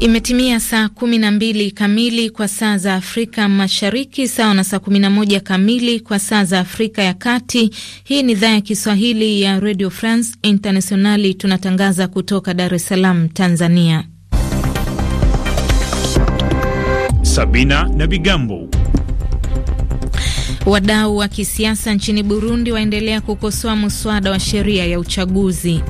Imetimia saa kumi na mbili kamili kwa saa za Afrika Mashariki, sawa na saa kumi na moja kamili kwa saa za Afrika ya Kati. Hii ni idhaa ya Kiswahili ya Radio France Internationali, tunatangaza kutoka Dar es Salaam, Tanzania. Sabina na Bigambo. Wadau wa kisiasa nchini Burundi waendelea kukosoa muswada wa sheria ya uchaguzi.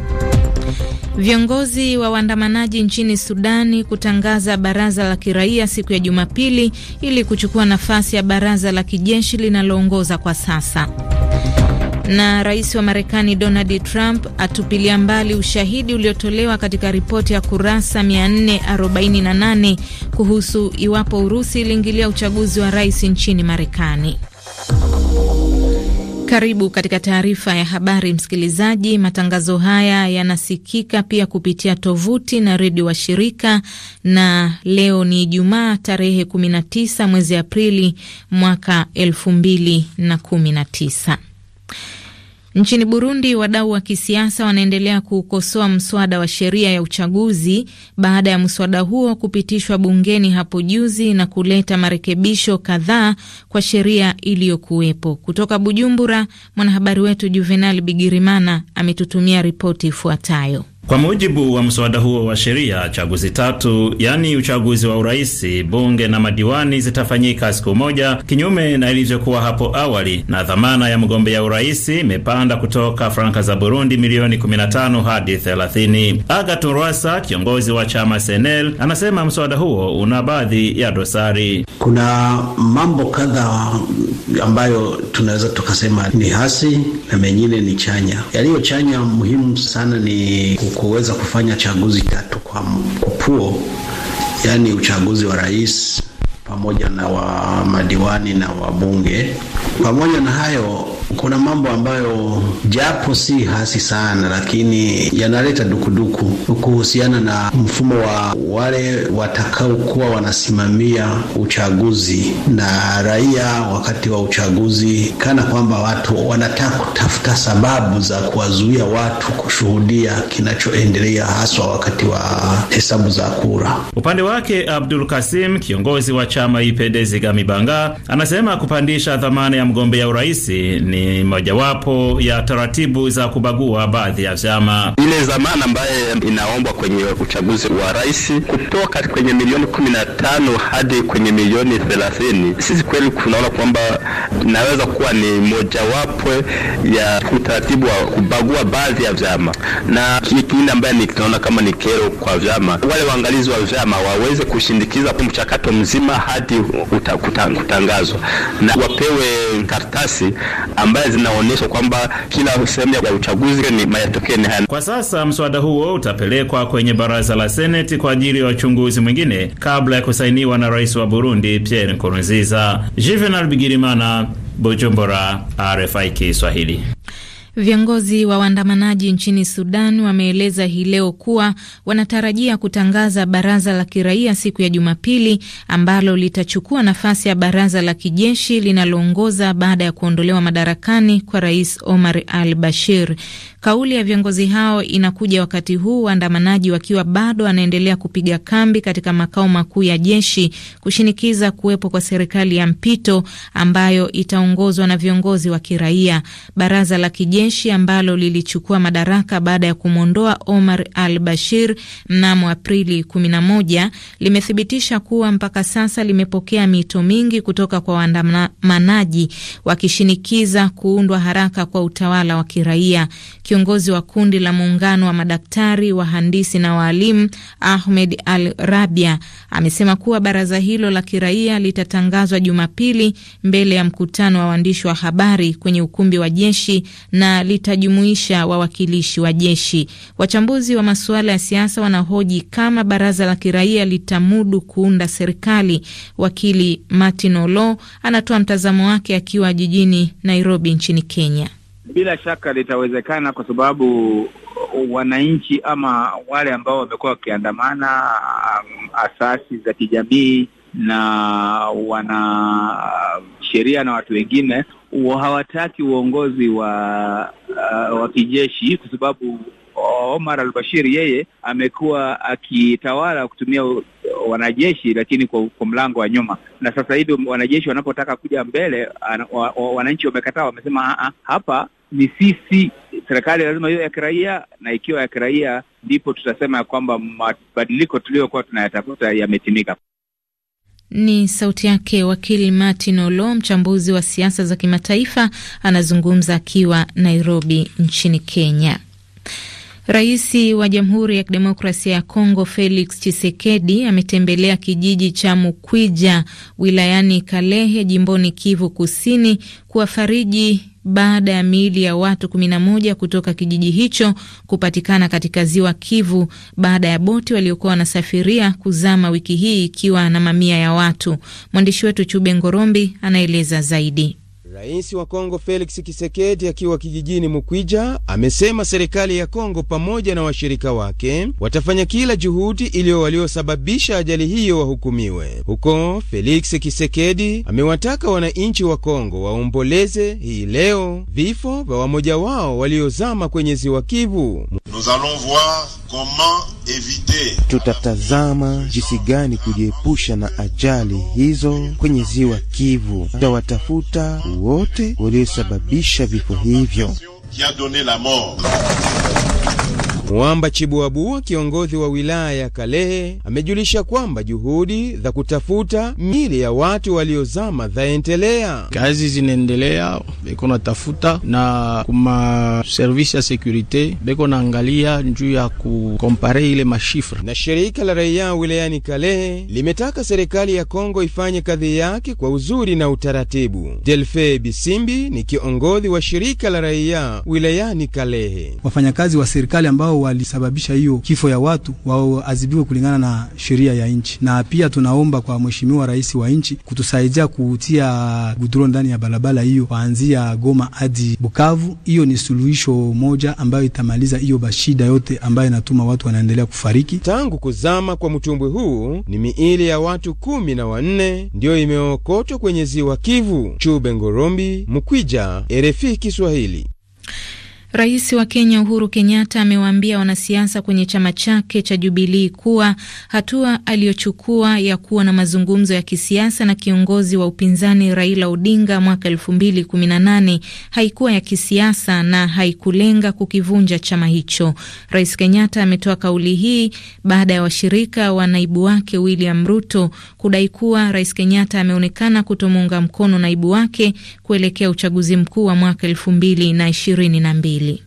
Viongozi wa waandamanaji nchini Sudani kutangaza baraza la kiraia siku ya Jumapili ili kuchukua nafasi ya baraza la kijeshi linaloongoza kwa sasa. Na rais wa Marekani Donald Trump atupilia mbali ushahidi uliotolewa katika ripoti ya kurasa 448 kuhusu iwapo Urusi iliingilia uchaguzi wa rais nchini Marekani. Karibu katika taarifa ya habari msikilizaji. Matangazo haya yanasikika pia kupitia tovuti na redio wa shirika, na leo ni Ijumaa tarehe 19 mwezi Aprili mwaka 2019. Nchini Burundi, wadau wa kisiasa wanaendelea kuukosoa mswada wa sheria ya uchaguzi baada ya mswada huo kupitishwa bungeni hapo juzi na kuleta marekebisho kadhaa kwa sheria iliyokuwepo. Kutoka Bujumbura, mwanahabari wetu Juvenal Bigirimana ametutumia ripoti ifuatayo. Kwa mujibu wa mswada huo wa sheria, chaguzi tatu, yaani uchaguzi wa uraisi, bunge na madiwani zitafanyika siku moja, kinyume na ilivyokuwa hapo awali, na dhamana ya mgombea uraisi imepanda kutoka franka za Burundi milioni 15 hadi 30. Agathon Rwasa, kiongozi wa chama Senel, anasema mswada huo una baadhi ya dosari. Kuna mambo kadhaa ambayo tunaweza tukasema ni hasi na mengine ni chanya. Yaliyo chanya muhimu sana ni kuweza kufanya chaguzi tatu kwa mkupuo yaani uchaguzi wa rais pamoja na wa madiwani na wabunge. Pamoja na hayo kuna mambo ambayo japo si hasi sana, lakini yanaleta dukuduku kuhusiana na mfumo wa wale watakaokuwa wanasimamia uchaguzi na raia wakati wa uchaguzi, kana kwamba watu wanataka kutafuta sababu za kuwazuia watu kushuhudia kinachoendelea haswa wakati wa hesabu za kura. Upande wake Abdul Kasim, kiongozi wa chama Ipedezi Gamibanga, anasema kupandisha dhamana ya mgombea urais ni ni mojawapo ya taratibu za kubagua baadhi ya vyama. Ile zamana ambaye inaombwa kwenye uchaguzi wa rais kutoka kwenye milioni kumi na tano hadi kwenye milioni thelathini, sisi kweli tunaona kwamba inaweza kuwa ni mojawapo ya utaratibu wa kubagua baadhi ya vyama, na kingine ambaye tunaona kama ni kero kwa vyama, wale waangalizi wa vyama waweze kushindikiza mchakato mzima hadi kutangazwa na wapewe karatasi ambaye zinaonyesha kwamba kila sehemu ya uchaguzi ni matokeo ni haya. Kwa sasa mswada huo utapelekwa kwenye baraza la seneti kwa ajili ya uchunguzi mwingine kabla ya kusainiwa na rais wa Burundi Pierre Nkurunziza. Juvenal Bigirimana, Bujumbura, RFI Kiswahili. Viongozi wa waandamanaji nchini Sudan wameeleza hii leo kuwa wanatarajia kutangaza baraza la kiraia siku ya Jumapili ambalo litachukua nafasi ya baraza la kijeshi linaloongoza baada ya kuondolewa madarakani kwa Rais Omar al Bashir. Kauli ya viongozi hao inakuja wakati huu waandamanaji wakiwa bado wanaendelea kupiga kambi katika makao makuu ya jeshi kushinikiza kuwepo kwa serikali ya mpito ambayo itaongozwa na viongozi wa kiraia. Baraza la kijeshi jeshi ambalo lilichukua madaraka baada ya kumwondoa Omar al Bashir mnamo Aprili 11 limethibitisha kuwa mpaka sasa limepokea mito mingi kutoka kwa waandamanaji wakishinikiza kuundwa haraka kwa utawala wa kiraia. Kiongozi wa kundi la muungano wa madaktari, wahandisi na waalimu Ahmed al Rabia amesema kuwa baraza hilo la kiraia litatangazwa Jumapili mbele ya mkutano wa waandishi wa habari kwenye ukumbi wa jeshi na litajumuisha wawakilishi wa jeshi. Wachambuzi wa masuala ya siasa wanahoji kama baraza la kiraia litamudu kuunda serikali. Wakili Martin Olo anatoa mtazamo wake akiwa jijini Nairobi nchini Kenya. Bila shaka litawezekana kwa sababu wananchi ama wale ambao wamekuwa wakiandamana, asasi za kijamii na wana sheria na watu wengine hawataki uongozi wa uh, wa kijeshi kwa sababu uh, Omar al-Bashir yeye amekuwa akitawala kutumia wanajeshi lakini kwa, kwa mlango wa nyuma, na sasa hivi wanajeshi wanapotaka kuja mbele wananchi wamekataa, wamesema ah, ah, hapa ni sisi, serikali lazima hiyo ya kiraia, na ikiwa ya kiraia ndipo tutasema ya kwamba mabadiliko tuliyokuwa tunayatafuta yametimika. Ni sauti yake wakili Martin Olo, mchambuzi wa siasa za kimataifa, anazungumza akiwa Nairobi nchini Kenya. Rais wa Jamhuri ya Kidemokrasia ya Kongo Felix Tshisekedi ametembelea kijiji cha Mukwija wilayani Kalehe jimboni Kivu Kusini kuwafariji baada ya miili ya watu 11 kutoka kijiji hicho kupatikana katika ziwa Kivu baada ya boti waliokuwa wanasafiria kuzama wiki hii ikiwa na mamia ya watu. Mwandishi wetu Chube Ngorombi anaeleza zaidi. Rais wa Kongo Felix Kisekedi akiwa kijijini Mukwija amesema serikali ya Kongo pamoja na washirika wake watafanya kila juhudi ili waliosababisha ajali hiyo wahukumiwe. Huko Felix Kisekedi amewataka wananchi wa Kongo waomboleze hii leo vifo vya wamoja wao waliozama kwenye ziwa Kivu. Tutatazama jinsi gani kujiepusha na ajali hizo kwenye ziwa Kivu, tutawatafuta wote waliosababisha vifo hivyo. Mwamba Chibuabua, kiongozi wa wilaya ya Kalehe, amejulisha kwamba juhudi za kutafuta miili ya watu waliozama zaendelea. Kazi zinaendelea, beko natafuta na kuma service ya sekurite beko naangalia njuu ya kukompare ile mashifra. Na shirika la raia wilayani Kalehe limetaka serikali ya Kongo ifanye kazi yake kwa uzuri na utaratibu. Delfe Bisimbi ni kiongozi wa shirika la raia wilayani Kalehe. Wafanyakazi wa serikali ambao ambao walisababisha hiyo kifo ya watu waadhibiwe kulingana na sheria ya nchi. Na pia tunaomba kwa mheshimiwa rais wa nchi kutusaidia kutia gudro ndani ya barabara hiyo kuanzia Goma hadi Bukavu. Hiyo ni suluhisho moja ambayo itamaliza hiyo bashida yote ambayo inatuma watu wanaendelea kufariki. Tangu kuzama kwa mtumbwi huu ni miili ya watu kumi na wanne ndiyo imeokotwa kwenye ziwa Kivu. Chube Ngorombi, Mkwija, RFI Kiswahili. Rais wa Kenya Uhuru Kenyatta amewaambia wanasiasa kwenye chama chake cha Jubilii kuwa hatua aliyochukua ya kuwa na mazungumzo ya kisiasa na kiongozi wa upinzani Raila Odinga mwaka elfu mbili kumi na nane haikuwa ya kisiasa na haikulenga kukivunja chama hicho. Rais Kenyatta ametoa kauli hii baada ya washirika wa naibu wake William Ruto kudai kuwa Rais Kenyatta ameonekana kutomuunga mkono naibu wake kuelekea uchaguzi mkuu wa mwaka elfu mbili na ishirini na mbili.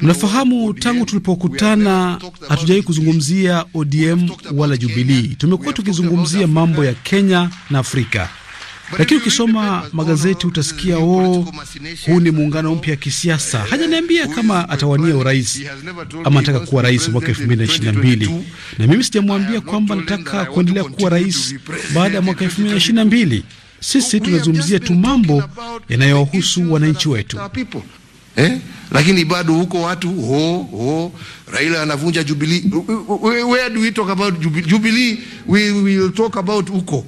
Mnafahamu, tangu tulipokutana hatujawahi kuzungumzia ODM wala Jubilii. Tumekuwa tukizungumzia mambo ya Kenya na Afrika. Lakini ukisoma magazeti utasikia o, oh, huu ni muungano mpya wa kisiasa. Hajaniambia kama atawania urais ama anataka kuwa rais mwaka elfu mbili na ishirini na mbili na mimi sijamwambia kwamba nataka kuendelea kuwa rais baada ya mwaka elfu mbili na ishirini na mbili Sisi tunazungumzia tu mambo yanayowahusu wananchi wetu. Eh? Lakini bado huko watu ho ho, Raila anavunja Jubilee. Where do we talk about Jubilee? We will talk about huko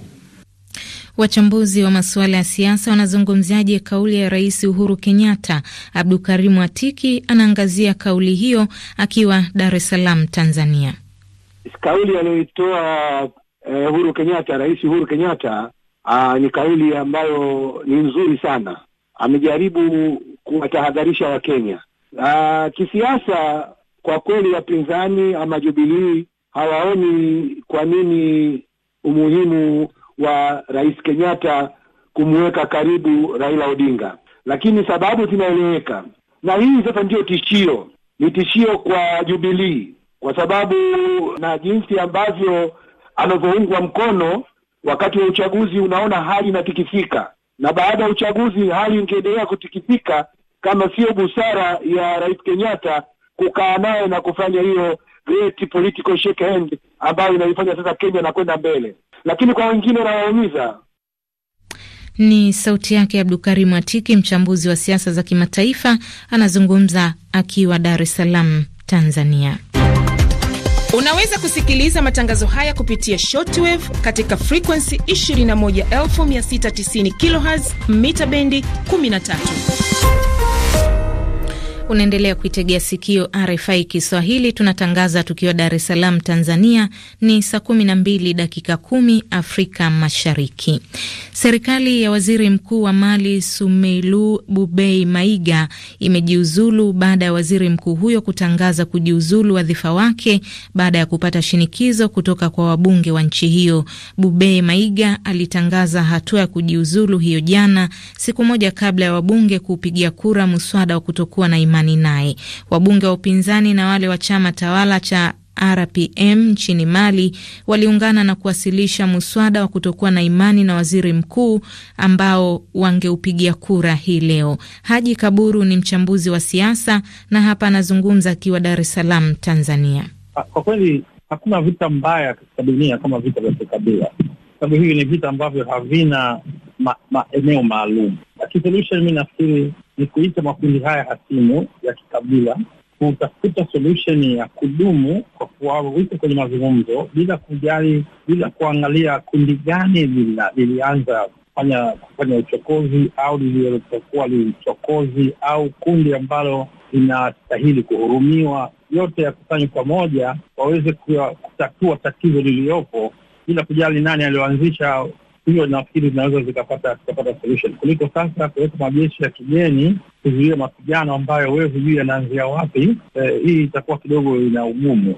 Wachambuzi wa masuala ya siasa wanazungumziaje kauli ya Rais Uhuru Kenyatta? abdu karimu Atiki anaangazia kauli hiyo akiwa Dar es Salaam, Tanzania. Kauli aliyoitoa eh, Uhuru Kenyatta, Rais Uhuru Kenyatta ah, ni kauli ambayo ni nzuri sana. Amejaribu kuwatahadharisha Wakenya ah, kisiasa. Kwa kweli, wapinzani ama Jubilii hawaoni kwa nini umuhimu wa Rais Kenyatta kumweka karibu Raila Odinga, lakini sababu zinaeleweka, na hii sasa ndiyo tishio, ni tishio kwa Jubilee kwa sababu na jinsi ambavyo anavyoungwa mkono wakati wa uchaguzi, unaona hali inatikisika, na baada ya uchaguzi hali ingeendelea kutikisika kama sio busara ya Rais Kenyatta kukaa naye na kufanya hiyo great political shake hand ambayo inaifanya sasa Kenya nakwenda mbele, lakini kwa wengine wanawaumiza. Ni sauti yake Abdukarimu Atiki, mchambuzi wa siasa za kimataifa, anazungumza akiwa Dar es Salaam, Tanzania. Unaweza kusikiliza matangazo haya kupitia shortwave katika frequency 21690 kHz mita bendi 13. Unaendelea kuitegea sikio RFI Kiswahili, tunatangaza tukiwa Dar es Salaam, Tanzania. Ni saa kumi na mbili dakika kumi Afrika Mashariki. Serikali ya waziri mkuu wa Mali Sumeilu Bubei Maiga imejiuzulu baada ya waziri mkuu huyo kutangaza kujiuzulu wadhifa wake baada ya kupata shinikizo kutoka kwa wabunge wa nchi hiyo. Bubei Maiga alitangaza hatua ya kujiuzulu hiyo jana, siku moja kabla ya wabunge kupigia kura mswada wa kutokuwa na imani amani naye. Wabunge wa upinzani na wale wa chama tawala cha RPM nchini Mali waliungana na kuwasilisha muswada wa kutokuwa na imani na waziri mkuu ambao wangeupigia kura hii leo. Haji Kaburu ni mchambuzi wa siasa na hapa anazungumza akiwa Dar es Salaam, Tanzania. Ah, kwa kweli hakuna vita mbaya katika dunia kama vita vya kikabila, sababu hivi ni vita ambavyo havina maeneo ma, maalum. Lakini solution mi nafikiri ni kuita makundi haya hasimu ya kikabila kutafuta solution ya kudumu kwa kuwawika kwenye mazungumzo bila kujali, bila kuangalia kundi gani lilianza kufanya kufanya uchokozi au lililokuwa uchokozi au kundi ambalo linastahili kuhurumiwa. Yote yakusanywa pamoja waweze kutatua tatizo liliyopo bila kujali nani aliyoanzisha hiyo nafikiri zinaweza zikapata zikapata solution kuliko sasa kuweka majeshi ya kigeni kuzuia mapigano ambayo wewe hujui yanaanzia wapi. Eh, hii itakuwa kidogo ina ugumu.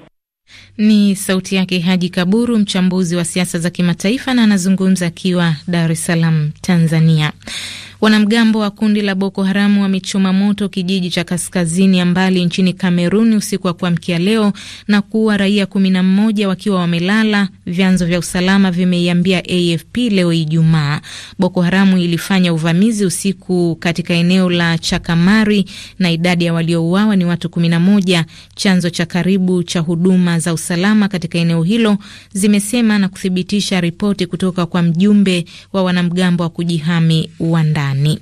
Ni sauti yake Haji Kaburu, mchambuzi wa siasa za kimataifa, na anazungumza akiwa Dar es Salaam, Tanzania. Wanamgambo wa kundi la Boko Haramu wamechoma moto kijiji cha kaskazini ya mbali nchini cameron usiku wa kuamkia leo na kuua raia kumi na mmoja wakiwa wamelala, vyanzo vya usalama vimeiambia AFP leo Ijumaa. Boko Haramu ilifanya uvamizi usiku katika eneo la Chakamari na idadi ya waliouawa ni watu kumi na moja, chanzo cha karibu cha huduma za usalama katika eneo hilo zimesema na kuthibitisha ripoti kutoka kwa mjumbe wa wanamgambo wa kujihami ndani. Marekani.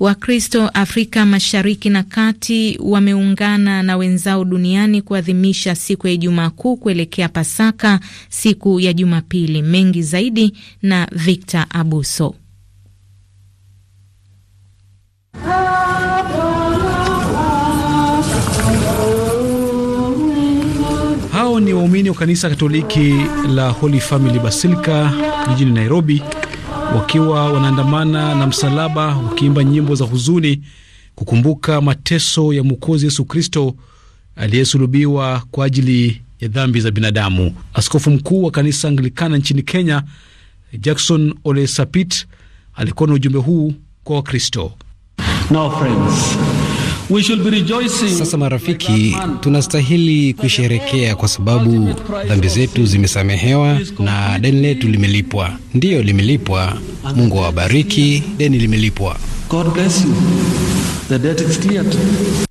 Wakristo Afrika Mashariki na Kati wameungana na wenzao duniani kuadhimisha siku ya Ijumaa Kuu kuelekea Pasaka siku ya Jumapili. Mengi zaidi na Victor Abuso. Hao ni waumini wa kanisa Katoliki la Holy Family Basilica jijini Nairobi wakiwa wanaandamana na msalaba, wakiimba nyimbo za huzuni kukumbuka mateso ya Mwokozi Yesu Kristo aliyesulubiwa kwa ajili ya dhambi za binadamu. Askofu mkuu wa kanisa Anglikana nchini Kenya, Jackson Ole Sapit, alikuwa na ujumbe huu kwa Wakristo. We should be rejoicing. Sasa marafiki, tunastahili kusherekea kwa sababu dhambi zetu zimesamehewa na deni letu limelipwa. Ndiyo, limelipwa. Mungu awabariki, deni limelipwa. God bless you. The debt is cleared.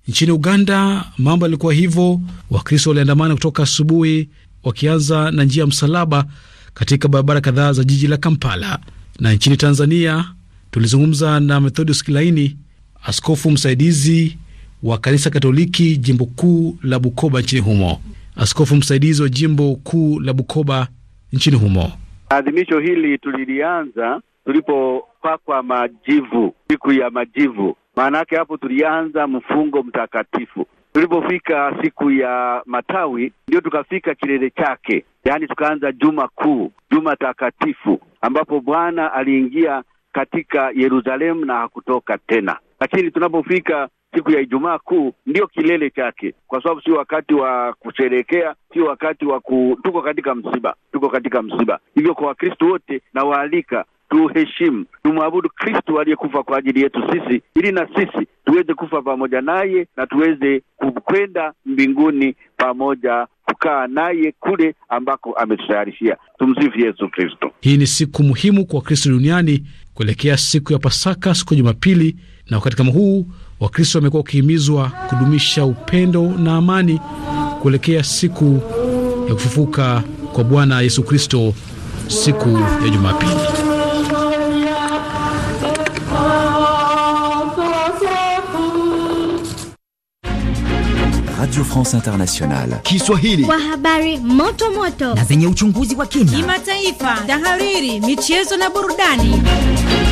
Nchini Uganda mambo yalikuwa hivyo. Wakristo waliandamana kutoka asubuhi wakianza na njia ya msalaba katika barabara kadhaa za jiji la Kampala. Na nchini Tanzania tulizungumza na Methodius Kilaini, askofu msaidizi wa kanisa Katoliki jimbo kuu la Bukoba nchini humo. Askofu msaidizi wa jimbo kuu la Bukoba nchini humo, adhimisho hili tulilianza tulipopakwa majivu, siku ya majivu. Maana yake hapo tulianza mfungo mtakatifu. Tulipofika siku ya matawi, ndio tukafika kilele chake, yaani tukaanza juma kuu, juma takatifu, ambapo Bwana aliingia katika Yerusalemu na hakutoka tena. Lakini tunapofika siku ya Ijumaa Kuu ndio kilele chake, kwa sababu sio wakati wa kusherekea sio wakati wa ku... tuko katika msiba, tuko katika msiba. Hivyo kwa Wakristo wote nawaalika tuheshimu, tumwabudu Kristu aliyekufa kwa ajili yetu sisi, ili na sisi tuweze kufa pamoja naye na tuweze kwenda mbinguni pamoja kukaa naye kule ambako ametutayarishia. Tumsifu Yesu Kristo. Hii ni siku muhimu kwa wakristu duniani kuelekea siku ya Pasaka, siku ya Jumapili, na wakati kama huu Wakristo wamekuwa wakihimizwa kudumisha upendo na amani kuelekea siku ya kufufuka kwa Bwana Yesu Kristo siku ya Jumapili. Radio France Internationale. Kiswahili. Kwa habari moto moto na zenye uchunguzi wa kina, kimataifa, tahariri, michezo na burudani.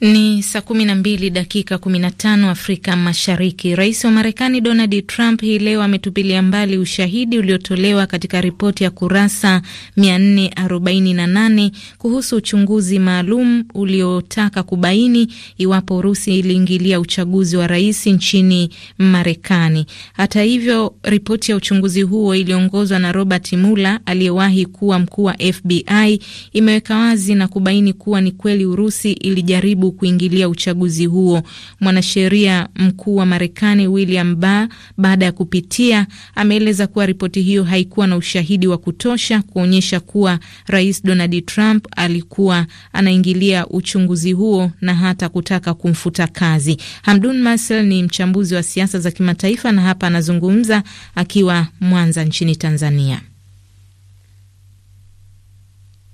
Ni saa 12 dakika 15 Afrika Mashariki. Rais wa Marekani Donald Trump hii leo ametupilia mbali ushahidi uliotolewa katika ripoti ya kurasa 448 kuhusu uchunguzi maalum uliotaka kubaini iwapo Urusi iliingilia uchaguzi wa rais nchini Marekani. Hata hivyo, ripoti ya uchunguzi huo iliongozwa na Robert Mueller aliyewahi kuwa mkuu wa FBI imeweka wazi na kubaini kuwa ni kweli Urusi ilijaribu Trump kuingilia uchaguzi huo. Mwanasheria mkuu wa Marekani William Barr, baada ya kupitia, ameeleza kuwa ripoti hiyo haikuwa na ushahidi wa kutosha kuonyesha kuwa Rais Donald Trump alikuwa anaingilia uchunguzi huo na hata kutaka kumfuta kazi. Hamdun Masel ni mchambuzi wa siasa za kimataifa na hapa anazungumza akiwa Mwanza nchini Tanzania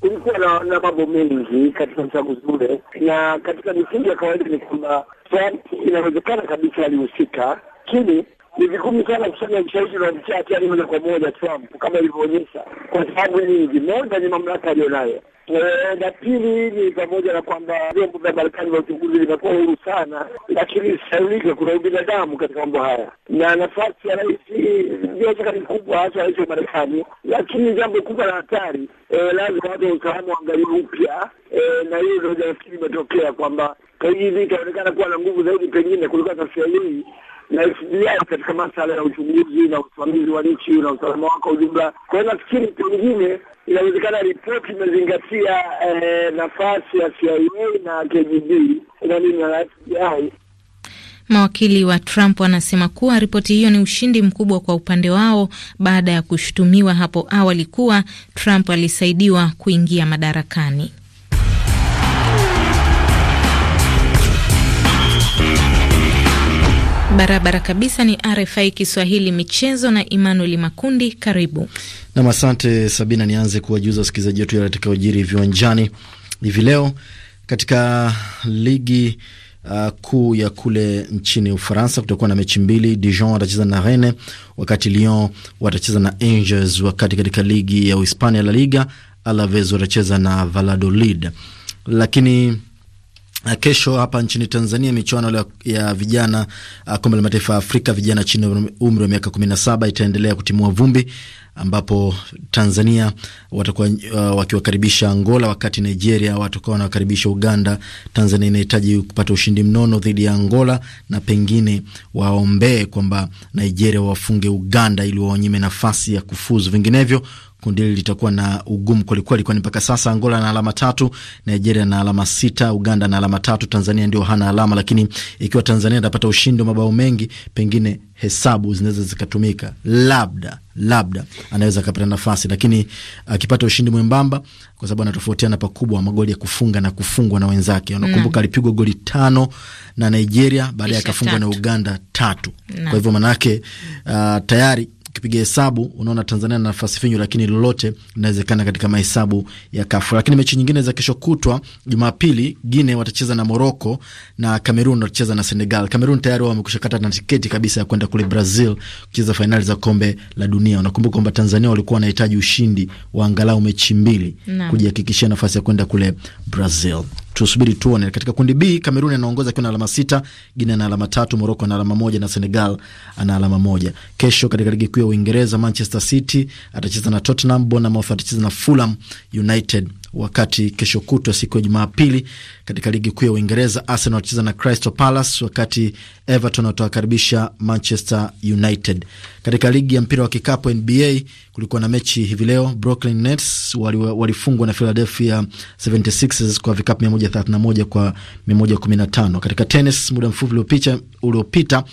kulikuwa na, na mambo mengi katika uchaguzi ule, na katika misingi ya kawaida ni kwamba inawezekana kabisa alihusika, lakini ni vigumu sana kusema ushahidi na mchache yani moja kwa moja Trump kama ilivyoonyesha, kwa sababu nyingi. Moja ni mamlaka aliyonayo e, na pili ni pamoja na kwamba vyombo vya Marekani vya uchunguzi vimekuwa huru sana, lakini saulika kuna ubinadamu katika mambo haya, na nafasi ya rais bila ni kubwa, hasa rais wa Marekani, lakini jambo kubwa la hatari, e, lazima watu wa usalama waangalie upya, e, na hiyo ndio nafikiri imetokea kwamba hivi itaonekana kuwa na nguvu zaidi pengine kuliko sasa hii na elfu katika masala ya uchunguzi na usimamizi wa nchi na usalama wako ujumla. Kwa hiyo nafikiri pengine inawezekana ripoti imezingatia eh, nafasi ya CIA na KGB na nini na FBI. Mawakili wa Trump wanasema kuwa ripoti hiyo ni ushindi mkubwa kwa upande wao baada ya kushutumiwa hapo awali kuwa Trump alisaidiwa kuingia madarakani. Barabara kabisa. Ni RFI Kiswahili michezo na Emmanuel Makundi, karibu nam. Asante Sabina, nianze kuwajuza wasikilizaji wetu yale yatakayojiri viwanjani hivi leo katika ligi Uh, kuu ya kule nchini Ufaransa kutakuwa na mechi mbili. Dijon watacheza na Rennes, wakati Lyon watacheza na Angers, wakati katika ligi ya Uhispania La Liga Alaves watacheza na Valladolid. Lakini Kesho hapa nchini Tanzania michuano ya vijana uh, kombe la mataifa ya Afrika vijana chini umri wa miaka saba itaendelea kutimua vumbi, ambapo Tanzania watakuwa uh, wakiwakaribisha Angola, wakati Nigeria watakuwa wanawakaribisha Uganda. Tanzania inahitaji kupata ushindi mnono dhidi ya Angola na pengine waombee kwamba Nigeria wafunge Uganda ili wawanyime nafasi ya kufuzu, vinginevyo kundi hili litakuwa na ugumu kwelikweli, kwani mpaka sasa Angola na alama tatu, Nigeria na alama sita, Uganda na alama tatu, Tanzania ndio hana alama. Lakini ikiwa Tanzania atapata ushindi wa mabao mengi, pengine hesabu zinaweza zikatumika, labda labda anaweza akapata nafasi, lakini akipata ushindi mwembamba, kwa sababu anatofautiana pakubwa magoli ya kufunga na kufungwa na wenzake. Unakumbuka mm. alipigwa goli tano na Nigeria, baadaye akafungwa na Uganda tatu. Kwa hivyo manake uh, tayari ukipiga hesabu unaona Tanzania na nafasi finyu, lakini lolote linawezekana katika mahesabu ya Kafu. Lakini mechi nyingine za kesho kutwa Jumapili, Guine watacheza na Moroko na Cameroon watacheza na Senegal. Cameroon tayari wao wamekusha kata na tiketi kabisa ya kwenda kule Brazil kucheza fainali za kombe la dunia. Unakumbuka kwamba Tanzania walikuwa wanahitaji ushindi wa angalau mechi mbili kujihakikishia nafasi ya kwenda kule Brazil tusubiri tuone. Katika kundi B Kamerun anaongoza akiwa na alama sita, Guinea na alama tatu, moroko na alama moja na Senegal ana alama moja. Kesho katika ligi kuu ya Uingereza Manchester City atacheza na Tottenham, Bournemouth atacheza na Fulham United wakati kesho kutwa siku ya Jumapili katika ligi kuu ya Uingereza Arsenal wacheza na Crystal Palace, wakati Everton watawakaribisha Manchester United. Katika ligi ya mpira wa kikapu NBA kulikuwa na mechi hivi leo. Brooklyn Nets walifungwa wali na Philadelphia 76ers kwa vikapu 131 kwa 115. Katika tenis muda mfupi uliopita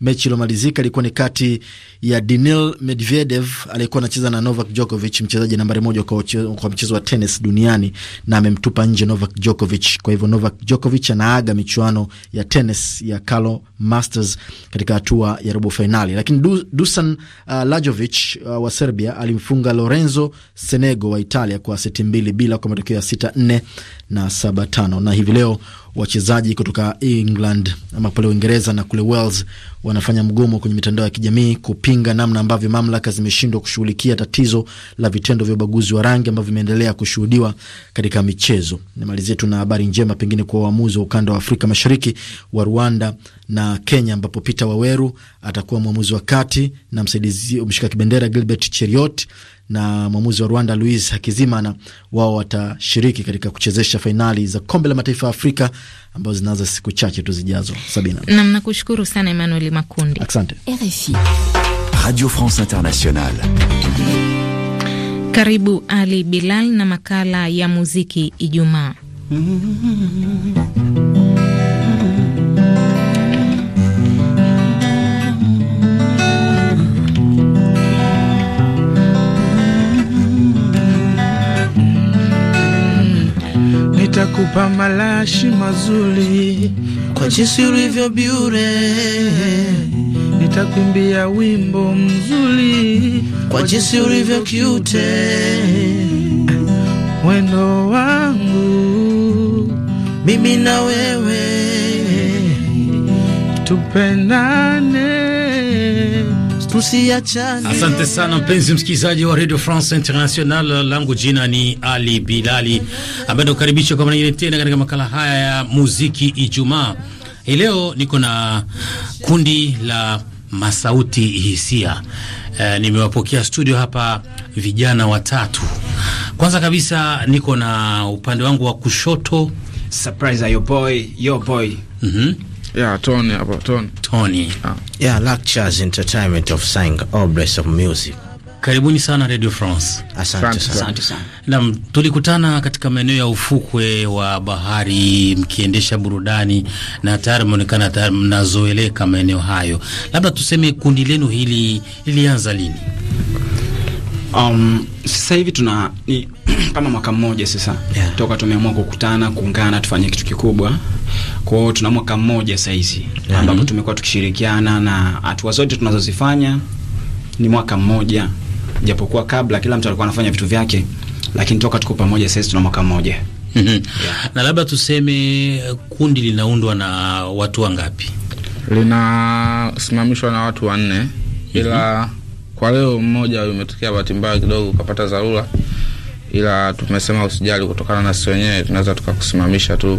Mechi iliyomalizika ilikuwa ni kati ya Daniil Medvedev aliyekuwa anacheza na Novak Djokovic, mchezaji nambari moja kwa, kwa mchezo wa tenis duniani na amemtupa nje Novak Djokovic. Kwa hivyo Novak Djokovic anaaga michuano ya tenis ya Carlo Masters katika hatua ya robo fainali. Lakini Dusan uh, Lajovic uh, wa Serbia alimfunga Lorenzo Senego wa Italia kwa seti mbili bila kwa matokeo ya sita nne na saba tano na hivi leo wachezaji kutoka England ama pale Uingereza na kule Wales wanafanya mgomo kwenye mitandao ya kijamii kupinga namna ambavyo mamlaka zimeshindwa kushughulikia tatizo la vitendo vya ubaguzi wa rangi ambavyo vimeendelea kushuhudiwa katika michezo. Nimalizie tu na habari njema pengine kwa waamuzi wa ukanda wa Afrika Mashariki wa Rwanda na Kenya, ambapo Peter Waweru atakuwa mwamuzi wa kati na msaidizi mshika kibendera Gilbert Cheriot na mwamuzi wa Rwanda Louis Hakizimana, wao watashiriki katika kuchezesha fainali za kombe la mataifa ya Afrika ambazo zinaanza siku chache tu zijazo. Sabina nam, nakushukuru sana Emmanuel Makundi, asante. RFI Radio France Internationale. Karibu Ali Bilal na makala ya muziki Ijumaa. Nitakupa malashi mazuri kwa jinsi ulivyo biure, nitakwimbia wimbo mzuri kwa jinsi ulivyo kiute, mwendo wangu mimi na wewe tupendane tusiachane. Asante sana mpenzi msikilizaji wa Radio France International, langu jina ni Ali Bilali ambaye nakukaribisha kwa mara nyingine tena katika makala haya ya muziki Ijumaa. Hii leo niko na kundi la Masauti Hisia. E, nimewapokea studio hapa vijana watatu. Kwanza kabisa niko na upande wangu wa kushoto Surprise, yo boy, yo boy. Mm -hmm. Yeah, Tony, about Tony. Tony. Ah. Yeah, lectures entertainment of singing obras of music. Karibuni sana Radio France. Asante sana. Asante sana. Naam, tulikutana katika maeneo ya ufukwe wa bahari mkiendesha burudani na tayari mnaonekana tayari mnazoeleka maeneo hayo. Labda tuseme kundi lenu hili lilianza lini? Um, sasa hivi tuna ni kama mwaka mmoja sasa yeah, toka tumeamua kukutana, kuungana, tufanye kitu kikubwa kwao tuna mwaka mmoja sasa hizi mhm. ambapo tumekuwa tukishirikiana na hatua zote tunazozifanya ni mwaka mmoja, japokuwa kabla kila mtu alikuwa anafanya vitu vyake, lakini toka tuko pamoja sasa tuna mwaka mmoja. Mhm. yeah. na labda tuseme eh, kundi linaundwa na watu wangapi? Linasimamishwa na watu wanne, ila mm -hmm. kwa leo mmoja umetokea bahati mbaya kidogo ukapata dharura, ila tumesema usijali, kutokana na sisi wenyewe tunaweza tukakusimamisha tu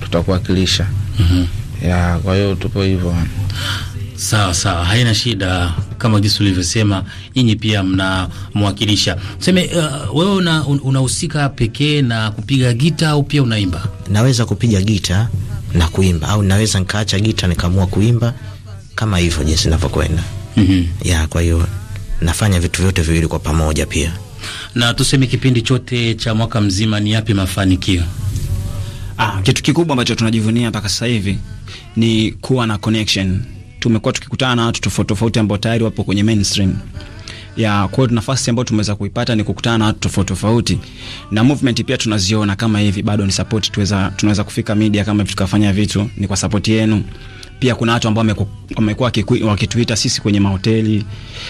tutakuwakilisha. mm -hmm. kwa hiyo tupo hivyo. Sawa sawa, haina shida. Kama jinsi ulivyosema, nyinyi pia mnamwakilisha. seme uh, wewe una, unahusika pekee na kupiga gita au pia unaimba? Naweza kupiga gita na kuimba, au naweza nikaacha gita nikaamua kuimba, kama hivyo jinsi navyokwenda mm -hmm. ya kwa hiyo nafanya vitu vyote viwili kwa pamoja pia. Na tuseme kipindi chote cha mwaka mzima, ni yapi mafanikio Ah, kitu kikubwa ambacho tunajivunia mpaka sasa hivi ni kuwa na connection. Tumekuwa tukikutana na watu tofauti tofauti ambao tayari wapo kwenye mainstream ya kwa hiyo nafasi ambayo tumeweza kuipata ni kukutana na watu tofauti tofauti, na movement pia tunaziona kama hivi, bado ni support, tuweza tunaweza kufika media kama hivi, tukafanya vitu ni kwa support yenu. Pia kuna watu ambao wamekuwa wakituita sisi kwenye mahoteli,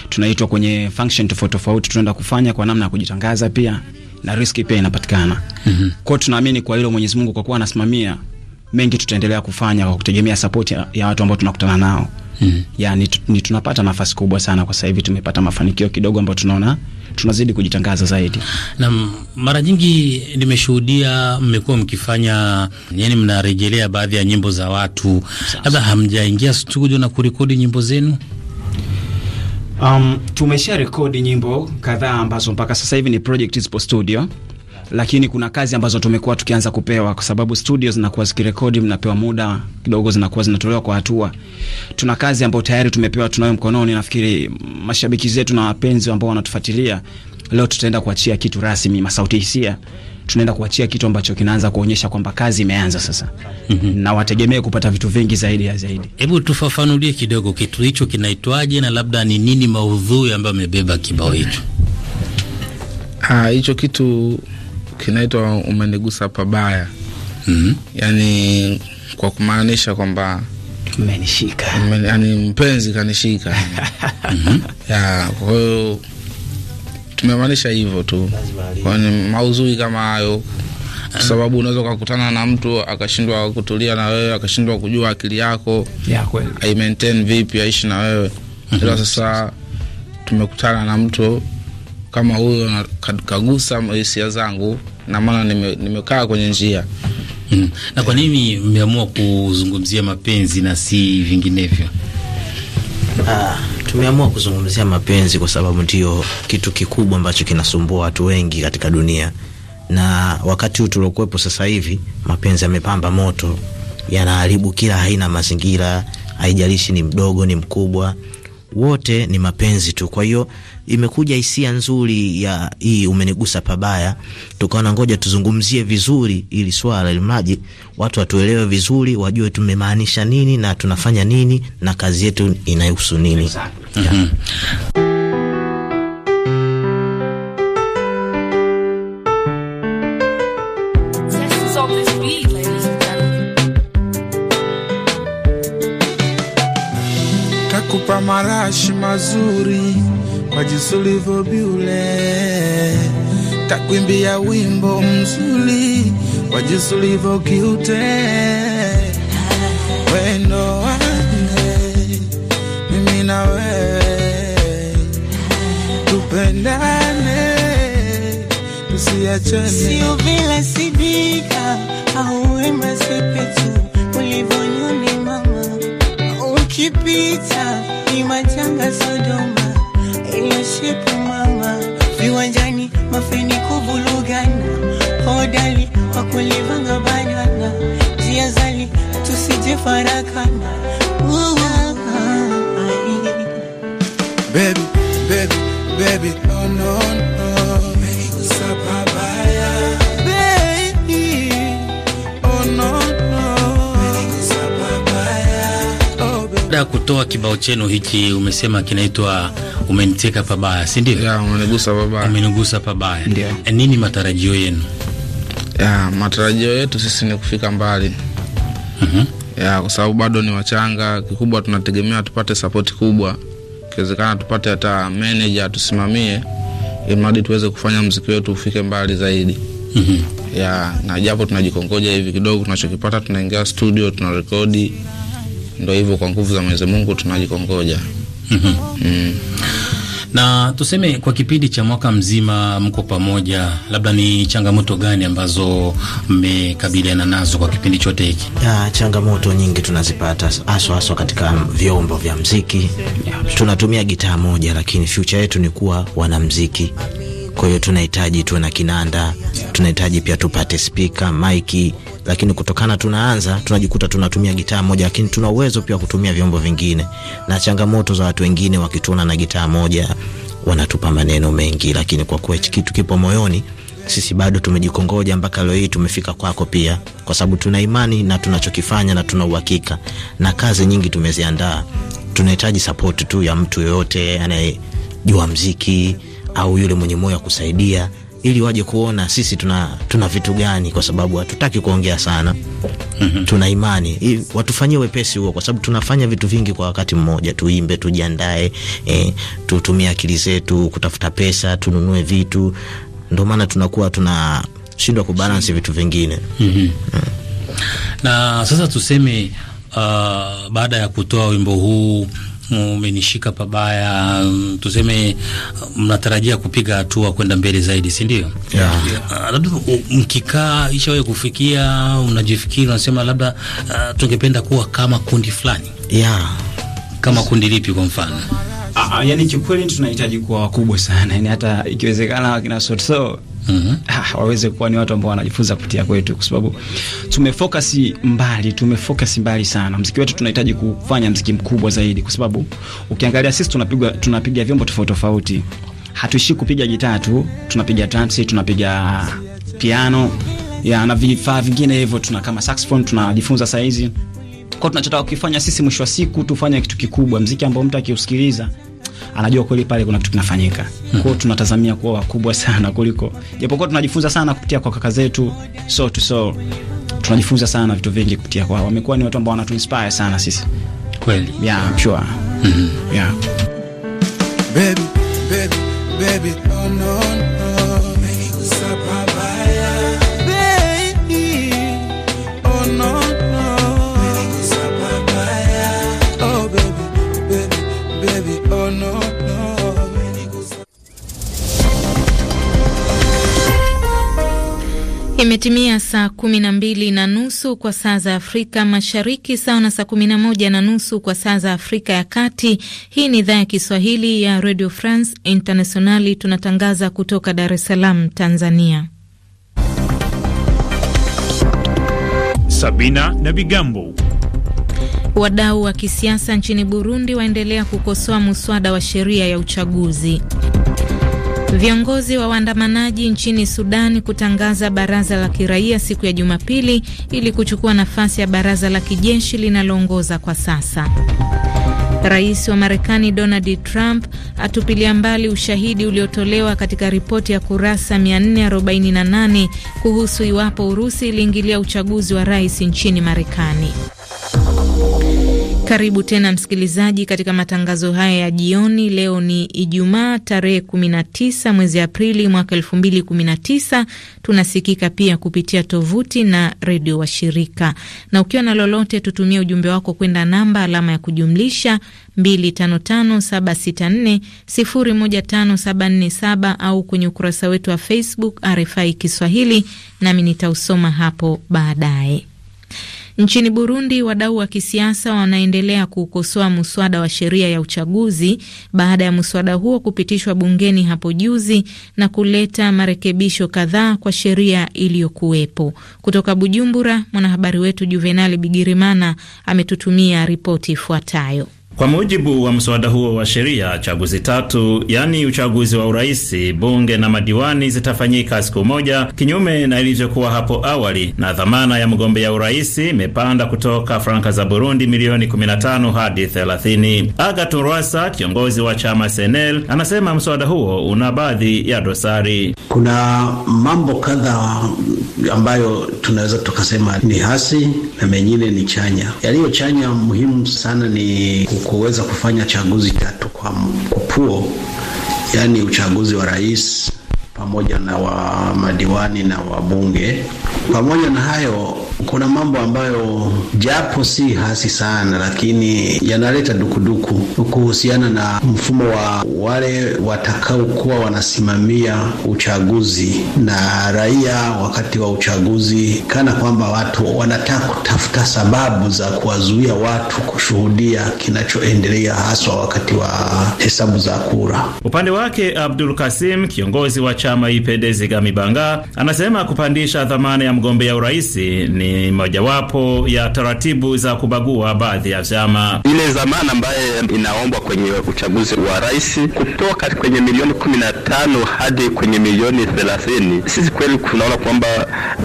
tunaitwa kwenye function tofauti tofauti, tunaenda kufanya kwa namna ya kujitangaza pia na riski pia inapatikana. mm -hmm. Kwa hiyo tunaamini kwa hilo Mwenyezi Mungu kwa kuwa anasimamia mengi, tutaendelea kufanya kwa kutegemea sapoti ya, ya watu ambao tunakutana nao. mm -hmm. Yani ni tunapata nafasi kubwa sana kwa sasa hivi, tumepata mafanikio kidogo ambayo tunaona tunazidi kujitangaza zaidi. Na mara nyingi nimeshuhudia mmekuwa mkifanya, yani mnarejelea baadhi ya nyimbo za watu, labda hamjaingia studio na kurekodi nyimbo zenu Um, tumesha rekodi nyimbo kadhaa ambazo mpaka sasa hivi ni project zipo studio lakini kuna kazi ambazo tumekuwa tukianza kupewa kwa sababu studio zinakuwa zikirekodi, mnapewa muda kidogo, zinakuwa zinatolewa kwa hatua. Tuna kazi ambayo tayari tumepewa, tunayo mkononi. Nafikiri mashabiki zetu na wapenzi ambao wanatufuatilia leo, tutaenda kuachia kitu rasmi Masauti Hisia tunaenda kuachia kitu ambacho kinaanza kuonyesha kwamba kazi imeanza sasa. mm -hmm. na wategemee kupata vitu vingi zaidi ya zaidi. Hebu tufafanulie kidogo kitu hicho kinaitwaje, na labda ni nini maudhui ambayo amebeba kibao hicho? Ah, hicho kitu kinaitwa umenigusa pabaya. mm -hmm. Yani kwa kumaanisha kwamba umenishika, yani mpenzi kanishika. mm -hmm. ya kwa hiyo tumemaanisha hivyo tu, kwani maudhui kama hayo kwa sababu unaweza ukakutana na mtu akashindwa kutulia na wewe, akashindwa kujua akili yako ya kweli ai maintain vipi aishi na wewe ila sasa tumekutana na mtu kama huyo, kagusa hisia zangu na maana nime, nimekaa kwenye njia mm. Na kwa nini mmeamua kuzungumzia mapenzi na si vinginevyo? ah. Tumeamua kuzungumzia mapenzi kwa sababu ndio kitu kikubwa ambacho kinasumbua watu wengi katika dunia, na wakati huu tuliokuwepo sasa hivi, mapenzi yamepamba moto, yanaharibu kila aina mazingira, haijalishi ni mdogo ni mkubwa, wote ni mapenzi tu. Kwa hiyo imekuja hisia nzuri ya hii umenigusa pabaya, tukaona ngoja tuzungumzie vizuri ili swala limaji watu watuelewe vizuri, wajue tumemaanisha nini na tunafanya nini na kazi yetu inahusu nini. Mhm. Takupa marashi mazuri kwa jinsi ulivyobiule, takuimbia wimbo mzuri kwa jinsi ulivyokiute wendo wange, mimi na wewe tupendane, tusiachane, sio vile sidika au wema sepetu mama ukipita ni majanga Sodoma mashepu mama viwanjani mafeni kuvulugana hodali wakulivanga banana jia zali tusije farakana kutoa kibao chenu hiki umesema kinaitwa umeniteka pabaya, si ndio? Yeah, umenigusa pabaya. Umenigusa pabaya. Ndio. E, nini matarajio yenu? Yeah, matarajio yetu sisi ni kufika mbali. Mhm. Mm yeah, kwa sababu bado ni wachanga, kikubwa tunategemea tupate support kubwa. Ikiwezekana tupate hata manager tusimamie ili mradi tuweze kufanya mziki wetu ufike mbali zaidi. Mm -hmm. Ya, na japo tunajikongoja hivi kidogo, tunachokipata tunaingia studio, tunarekodi, ndo hivyo, kwa nguvu za Mwenyezi Mungu tunajikongoja. Mm-hmm. Na tuseme kwa kipindi cha mwaka mzima mko pamoja, labda ni changamoto gani ambazo mmekabiliana nazo kwa kipindi chote hiki? changamoto nyingi tunazipata haswa haswa katika vyombo vya mziki. Tunatumia gitaa moja, lakini future yetu ni kuwa wanamziki kwa hiyo tunahitaji tuwe na kinanda tunahitaji pia tupate spika, maiki, lakini kutokana tunaanza tunajikuta tunatumia gitaa moja, lakini tuna uwezo pia kutumia vyombo vingine, na changamoto za watu wengine wakituona na gitaa moja wanatupa maneno mengi, lakini kwa kuwa hichi kitu kipo moyoni sisi bado tumejikongoja mpaka leo hii tumefika kwako, pia kwa sababu tuna imani na tunachokifanya na tuna uhakika na kazi nyingi tumeziandaa. Tunahitaji sapoti tu ya mtu yoyote anayejua mziki au yule mwenye moyo wa kusaidia ili waje kuona sisi tuna, tuna vitu gani, kwa sababu hatutaki kuongea sana mm -hmm. Tuna imani watufanyie wepesi huo, kwa sababu tunafanya vitu vingi kwa wakati mmoja, tuimbe, tujiandae, eh, tutumie akili zetu kutafuta pesa, tununue vitu, ndio maana tunakuwa tunashindwa kubalansi vitu vingine mm -hmm. mm. Na sasa tuseme, uh, baada ya kutoa wimbo huu mumenishika pabaya, tuseme mnatarajia kupiga hatua kwenda mbele zaidi, si ndio? Yeah. Uh, labda mkikaa ishawahi kufikia, unajifikiri unasema, labda uh, tungependa kuwa kama kundi fulani. Yeah. Kama kundi lipi kwa mfano? Ah, ah yani kikweli tunahitaji kuwa wakubwa sana, yani hata ikiwezekana wakina Sotso mm -hmm. ha, ah, waweze kuwa ni watu ambao wanajifunza kupitia kwetu, kwa sababu tumefocus mbali, tumefocus mbali sana. Mziki wetu tunahitaji kufanya mziki mkubwa zaidi, kwa sababu ukiangalia sisi tunapiga tunapiga vyombo tofauti tofauti, hatuishi kupiga gitaa tu, tunapiga drums, tunapiga piano ya na vifaa vingine hivyo, tuna kama saxophone tunajifunza saa hizi. Kwa tunachotaka kukifanya sisi, mwisho wa siku tufanye kitu kikubwa, mziki ambao mtu akiusikiliza anajua kweli pale kuna kitu kinafanyika. -hmm. Kwao tunatazamia kuwa wakubwa sana kuliko, japokuwa tunajifunza sana kupitia kwa kaka zetu so to so, tunajifunza sana vitu vingi kupitia kwao. Wamekuwa ni watu ambao inspire sana sisi kweli. Yeah, I'm sure. mm -hmm. Yeah. Baby, baby, baby, oh no. Imetimia saa kumi na mbili na nusu kwa saa za Afrika Mashariki, sawa na saa kumi na moja na nusu kwa saa za Afrika ya Kati. Hii ni idhaa ya Kiswahili ya Radio France Internationali, tunatangaza kutoka Dar es Salaam, Tanzania. Sabina na Bigambo. Wadau wa kisiasa nchini Burundi waendelea kukosoa muswada wa sheria ya uchaguzi. Viongozi wa waandamanaji nchini sudan kutangaza baraza la kiraia siku ya Jumapili ili kuchukua nafasi ya baraza la kijeshi linaloongoza kwa sasa. Rais wa Marekani Donald Trump atupilia mbali ushahidi uliotolewa katika ripoti ya kurasa 448 kuhusu iwapo Urusi iliingilia uchaguzi wa rais nchini Marekani. Karibu tena msikilizaji, katika matangazo haya ya jioni. Leo ni Ijumaa tarehe 19 mwezi Aprili mwaka 2019. Tunasikika pia kupitia tovuti na redio washirika, na ukiwa na lolote, tutumie ujumbe wako kwenda namba alama ya kujumlisha 255764015747 au kwenye ukurasa wetu wa Facebook RFI Kiswahili, nami nitausoma hapo baadaye. Nchini Burundi, wadau wa kisiasa wanaendelea kuukosoa muswada wa sheria ya uchaguzi baada ya muswada huo kupitishwa bungeni hapo juzi na kuleta marekebisho kadhaa kwa sheria iliyokuwepo. Kutoka Bujumbura, mwanahabari wetu Juvenali Bigirimana ametutumia ripoti ifuatayo. Kwa mujibu wa mswada huo wa sheria, chaguzi tatu, yaani uchaguzi wa uraisi, bunge na madiwani zitafanyika siku moja, kinyume na ilivyokuwa hapo awali, na dhamana ya mgombea uraisi imepanda kutoka franka za Burundi milioni 15 hadi 30. Agathon Rwasa, kiongozi wa chama Senel, anasema mswada huo una baadhi ya dosari. Kuna mambo kadhaa ambayo tunaweza tukasema ni hasi na mengine ni chanya. Yaliyo chanya muhimu sana ni kuweza kufanya chaguzi tatu kwa kupuo, yaani uchaguzi wa rais pamoja na wa madiwani na wabunge. Pamoja na hayo, kuna mambo ambayo japo si hasi sana, lakini yanaleta dukuduku kuhusiana na mfumo wa wale watakaokuwa wanasimamia uchaguzi na raia wakati wa uchaguzi, kana kwamba watu wanataka kutafuta sababu za kuwazuia watu kushuhudia kinachoendelea haswa wakati wa hesabu za kura. Upande wake Abdul Kasim, kiongozi wa chama Ipendezi Gamibanga, anasema kupandisha dhamana ya mgombea urais ni mojawapo ya taratibu za kubagua baadhi ya vyama. Ile zamana ambaye inaombwa kwenye uchaguzi wa rais kutoka kwenye milioni kumi na tano hadi kwenye milioni thelathini, sisi kweli tunaona kwamba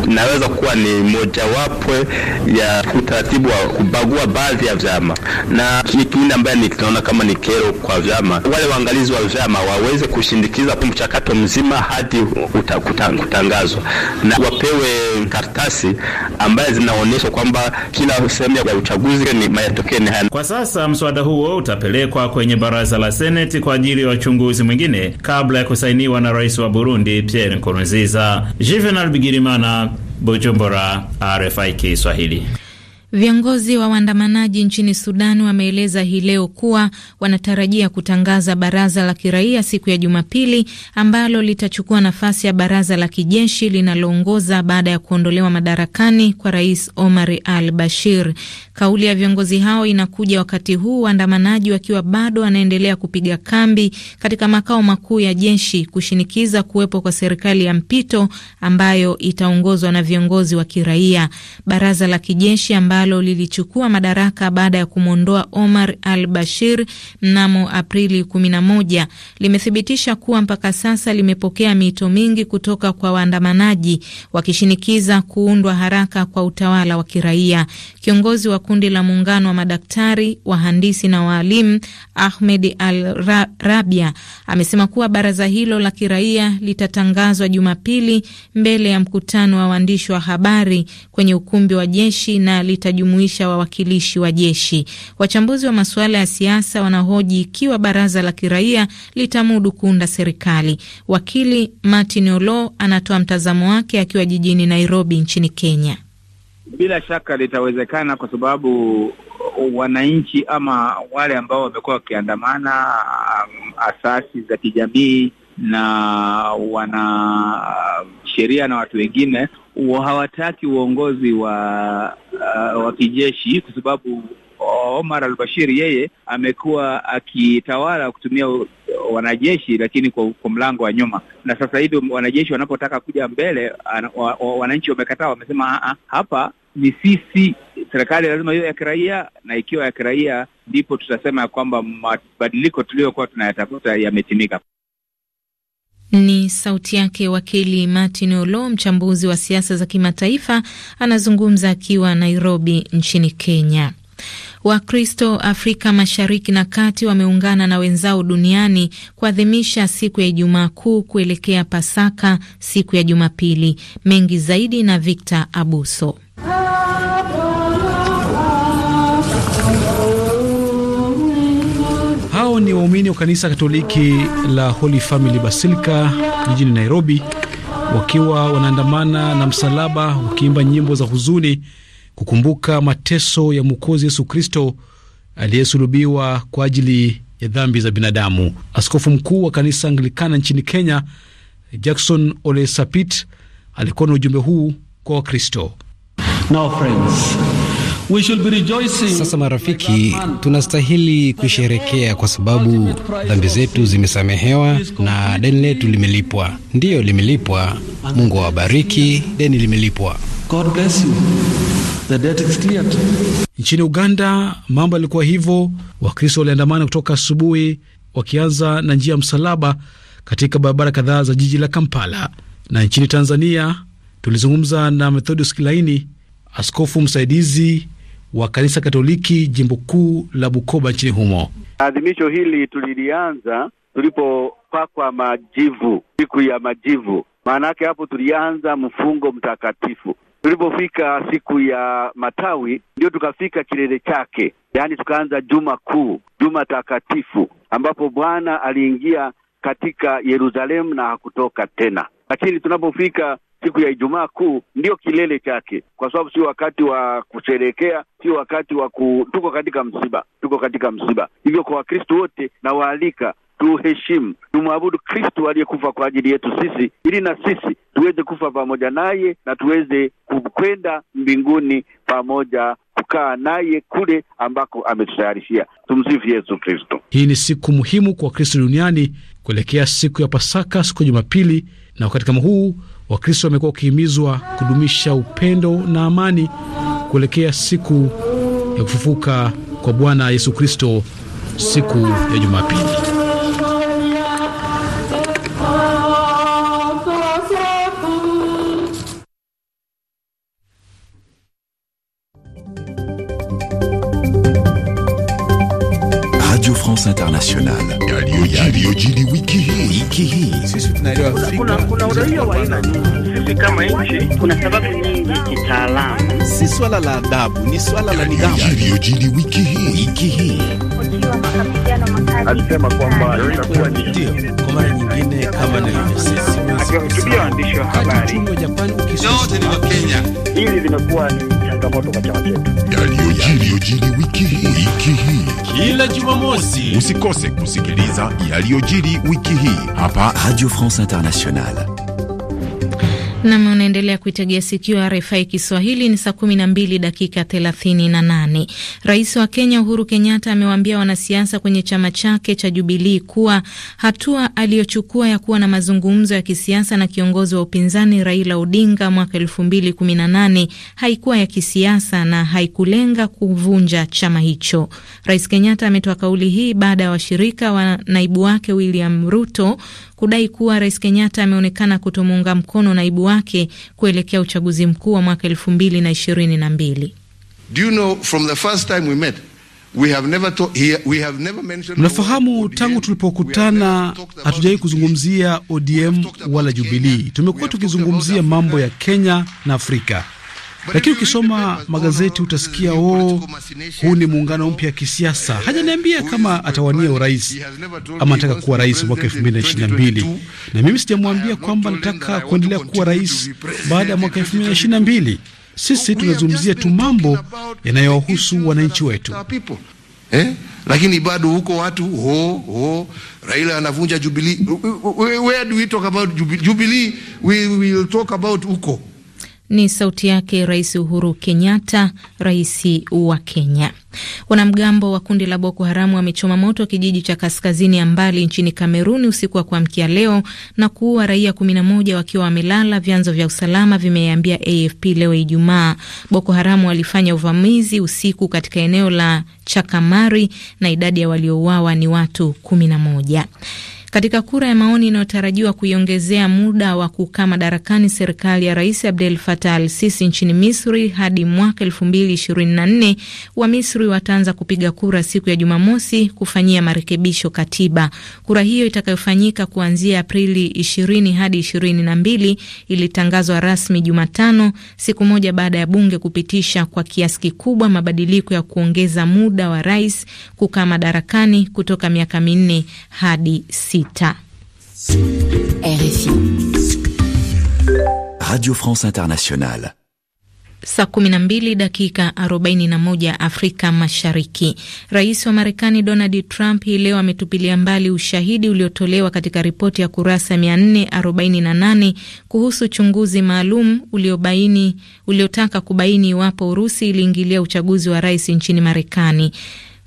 inaweza kuwa ni mojawapo ya utaratibu wa kubagua baadhi ya vyama, na kingine ambaye tunaona kama ni kero kwa vyama, wale waangalizi wa vyama waweze kushindikiza mchakato mzima hadi kutangazwa na wapewe karatasi ambaye zinaonyesha kwamba kila sehemu ya uchaguzi ni matokeo ni haya. Kwa sasa mswada huo utapelekwa kwenye baraza la seneti kwa ajili ya uchunguzi mwingine kabla ya kusainiwa na rais wa Burundi Pierre Nkurunziza. Juvenal Bigirimana, Bujumbura, RFI Kiswahili. Viongozi wa waandamanaji nchini Sudan wameeleza hii leo kuwa wanatarajia kutangaza baraza la kiraia siku ya Jumapili ambalo litachukua nafasi ya baraza la kijeshi linaloongoza baada ya kuondolewa madarakani kwa Rais Omar al Bashir. Kauli ya viongozi hao inakuja wakati huu waandamanaji wakiwa bado wanaendelea kupiga kambi katika makao makuu ya jeshi kushinikiza kuwepo kwa serikali ya mpito ambayo itaongozwa na viongozi wa kiraia. Baraza la kijeshi ambalo lilichukua madaraka baada ya kumwondoa Omar al Bashir mnamo Aprili 11 limethibitisha kuwa mpaka sasa limepokea miito mingi kutoka kwa waandamanaji wakishinikiza kuundwa haraka kwa utawala wa kiraia. Kiongozi wa kundi la muungano wa madaktari, wahandisi na waalimu Ahmed al Rabia amesema kuwa baraza hilo la kiraia litatangazwa Jumapili mbele ya mkutano wa waandishi wa habari kwenye ukumbi wa jeshi na itajumuisha wawakilishi wa jeshi. Wachambuzi wa masuala ya siasa wanahoji ikiwa baraza la kiraia litamudu kuunda serikali. Wakili Martin Olo anatoa mtazamo wake akiwa jijini Nairobi nchini Kenya. Bila shaka litawezekana kwa sababu wananchi ama wale ambao wamekuwa wakiandamana, asasi za kijamii na wana sheria na watu wengine hawataki uongozi wa uh, wa kijeshi kwa sababu Omar al-Bashir yeye amekuwa akitawala kutumia wanajeshi lakini kwa, kwa mlango wa nyuma, na sasa hivi wanajeshi wanapotaka kuja mbele wananchi wamekataa, wamesema ah, ah, hapa ni sisi, serikali lazima hiyo ya kiraia, na ikiwa ya kiraia ndipo tutasema ya kwamba mabadiliko tuliyokuwa tunayatafuta yametimika. Ni sauti yake wakili Martin Olo, mchambuzi wa siasa za kimataifa, anazungumza akiwa Nairobi nchini Kenya. Wakristo Afrika Mashariki na Kati wameungana na wenzao duniani kuadhimisha siku ya Ijumaa Kuu kuelekea Pasaka siku ya Jumapili. Mengi zaidi na Victor Abuso. Hao ni waumini wa kanisa Katoliki la Holy Family Basilica jijini Nairobi, wakiwa wanaandamana na msalaba, wakiimba nyimbo za huzuni kukumbuka mateso ya Mwokozi Yesu Kristo aliyesulubiwa kwa ajili ya dhambi za binadamu. Askofu mkuu wa kanisa Anglikana nchini Kenya, Jackson Ole Sapit, alikuwa na ujumbe huu kwa Wakristo. We should be rejoicing. Sasa marafiki, tunastahili kusherekea kwa sababu dhambi zetu zimesamehewa na deni letu limelipwa. Ndiyo, limelipwa. Mungu awabariki, deni limelipwa. God bless you. The debt is cleared. Nchini Uganda mambo yalikuwa hivyo. Wakristo waliandamana kutoka asubuhi wakianza na njia ya msalaba katika barabara kadhaa za jiji la Kampala. Na nchini Tanzania tulizungumza na Methodius Kilaini, askofu msaidizi wa kanisa Katoliki jimbo kuu la Bukoba nchini humo. Adhimisho hili tulilianza tulipopakwa majivu, siku ya majivu. Maana yake hapo tulianza mfungo mtakatifu. Tulipofika siku ya matawi, ndio tukafika kilele chake, yaani tukaanza juma kuu, juma takatifu, ambapo Bwana aliingia katika Yerusalemu na hakutoka tena. Lakini tunapofika siku ya Ijumaa Kuu ndio kilele chake, kwa sababu sio wakati wa kusherekea, sio wakati wa ku... tuko katika msiba, tuko katika msiba. Hivyo kwa Wakristo wote nawaalika tuheshimu, tumwabudu Kristo aliyekufa kwa ajili yetu sisi, ili na sisi tuweze kufa pamoja naye na tuweze kwenda mbinguni pamoja kukaa naye kule ambako ametutayarishia. Tumsifu Yesu Kristo. Hii ni siku muhimu kwa Kristo duniani kuelekea siku ya Pasaka, siku ya Jumapili, na wakati kama huu Wakristo wamekuwa wakihimizwa kudumisha upendo na amani kuelekea siku ya kufufuka kwa Bwana Yesu Kristo siku ya Jumapili. Radio France Internationale yaliyojiri wiki hii wiki hii. Sisi tunaelewa kuna kuna kuna uraia wa aina nyingi. Sisi kama nchi kuna sababu nyingi kitaalamu, si swala la adabu, ni swala la nidhamu. Yaliyojiri wiki hii wiki hii. Alisema kwamba itakuwa ni ndio kwa mara nyingine kama nilivyosema, akiwahutubia waandishi wa habari, Japan, yote ni Wakenya. Hili limekuwa ni changamoto kwa chama chetu. Yaliyojiri wiki hii wiki hii kila Jumamosi, usikose kusikiliza yaliyojiri wiki hii hapa Radio France Internationale. Nam, unaendelea kuitegea sikio RFI Kiswahili. Ni saa kumi na mbili dakika thelathini na nane. Rais wa Kenya Uhuru Kenyatta amewaambia wanasiasa kwenye chama chake cha Jubilii kuwa hatua aliyochukua ya kuwa na mazungumzo ya kisiasa na kiongozi wa upinzani Raila Odinga mwaka elfu mbili kumi na nane haikuwa ya kisiasa na haikulenga kuvunja chama hicho. Rais Kenyatta ametoa kauli hii baada ya washirika wa naibu wake William Ruto kudai kuwa Rais Kenyatta ameonekana kutomuunga mkono naibu wake kuelekea uchaguzi mkuu wa mwaka elfu mbili na ishirini na mbili. Mnafahamu, tangu tulipokutana hatujawahi kuzungumzia ODM wala Jubilii. Tumekuwa tukizungumzia mambo ya Kenya na Afrika. Lakini ukisoma magazeti utasikia o, huu ni muungano mpya wa kisiasa. Hajaniambia kama atawania urais ama anataka kuwa rais mwaka mbili na mimi sijamwambia kwamba nataka kuendelea kuwa rais baada ya mwaka mbili Sisi tunazungumzia tu mambo yanayowahusu wananchi wetu eh? Lakini bado huko watu ho ho, Raila anavunja Jubilee. Where do we talk about Jubilee? We will talk about huko ni sauti yake Rais Uhuru Kenyatta, rais wa Kenya. Wanamgambo wa kundi la Boko Haramu wamechoma moto kijiji cha kaskazini ya mbali nchini Kameruni usiku wa kuamkia leo na kuua raia 11 wakiwa wamelala, vyanzo vya usalama vimeambia AFP leo Ijumaa. Boko Haramu walifanya uvamizi usiku katika eneo la Chakamari na idadi ya waliouawa ni watu 11 katika kura ya maoni inayotarajiwa kuiongezea muda wa kukaa madarakani serikali ya Rais Abdel Fattah al-Sisi nchini Misri hadi mwaka 2024. Wa Misri wataanza kupiga kura siku ya Jumamosi kufanyia marekebisho katiba. Kura hiyo itakayofanyika kuanzia Aprili ishirini hadi 22 ilitangazwa rasmi Jumatano, siku moja baada ya bunge kupitisha kwa kiasi kikubwa mabadiliko ya kuongeza muda wa rais kukaa madarakani kutoka miaka minne hadi sita sita. RFI Radio France Internationale. Saa 12 dakika 41 Afrika Mashariki. Rais wa Marekani Donald Trump hii leo ametupilia mbali ushahidi uliotolewa katika ripoti ya kurasa 448 kuhusu uchunguzi maalum uliobaini uliotaka kubaini iwapo Urusi iliingilia uchaguzi wa rais nchini Marekani.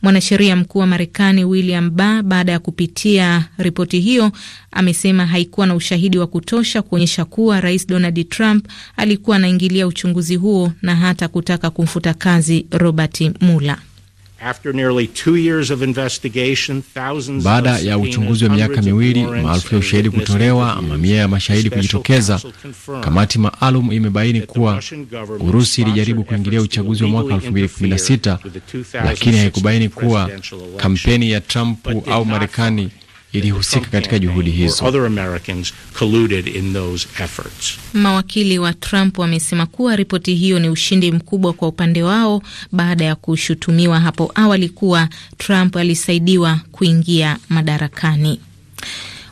Mwanasheria mkuu wa Marekani William Barr, baada ya kupitia ripoti hiyo, amesema haikuwa na ushahidi wa kutosha kuonyesha kuwa Rais Donald Trump alikuwa anaingilia uchunguzi huo na hata kutaka kumfuta kazi Robert Mueller. Baada ya uchunguzi wa miaka miwili, maelfu ya ushahidi kutolewa, mamia ya mashahidi kujitokeza, kamati maalum imebaini kuwa Urusi ilijaribu kuingilia uchaguzi wa mwaka 2016 lakini haikubaini kuwa kampeni ya Trump au Marekani ilihusika katika juhudi hizo. Mawakili wa Trump wamesema kuwa ripoti hiyo ni ushindi mkubwa kwa upande wao baada ya kushutumiwa hapo awali kuwa Trump alisaidiwa kuingia madarakani.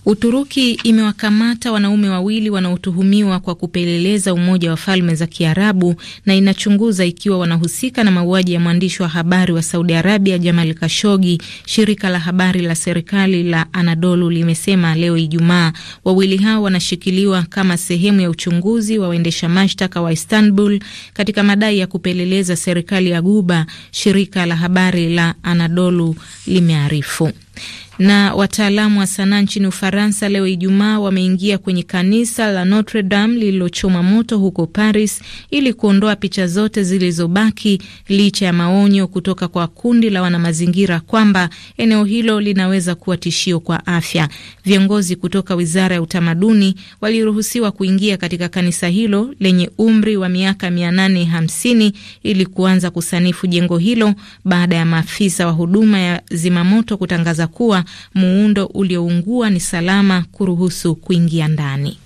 Uturuki imewakamata wanaume wawili wanaotuhumiwa kwa kupeleleza Umoja wa Falme za Kiarabu na inachunguza ikiwa wanahusika na mauaji ya mwandishi wa habari wa Saudi Arabia Jamal Kashogi. Shirika la habari la serikali la Anadolu limesema leo Ijumaa wawili hao wanashikiliwa kama sehemu ya uchunguzi wa waendesha mashtaka wa Istanbul katika madai ya kupeleleza serikali ya Guba, shirika la habari la Anadolu limearifu. Na wataalamu wa sanaa nchini Ufaransa leo Ijumaa wameingia kwenye kanisa la Notre Dame lililochoma moto huko Paris ili kuondoa picha zote zilizobaki licha ya maonyo kutoka kwa kundi la wanamazingira kwamba eneo hilo linaweza kuwa tishio kwa afya. Viongozi kutoka Wizara ya Utamaduni waliruhusiwa kuingia katika kanisa hilo lenye umri wa miaka 850 ili kuanza kusanifu jengo hilo baada ya maafisa wa huduma ya zimamoto kutangaza kuwa muundo ulioungua ni salama kuruhusu kuingia ndani.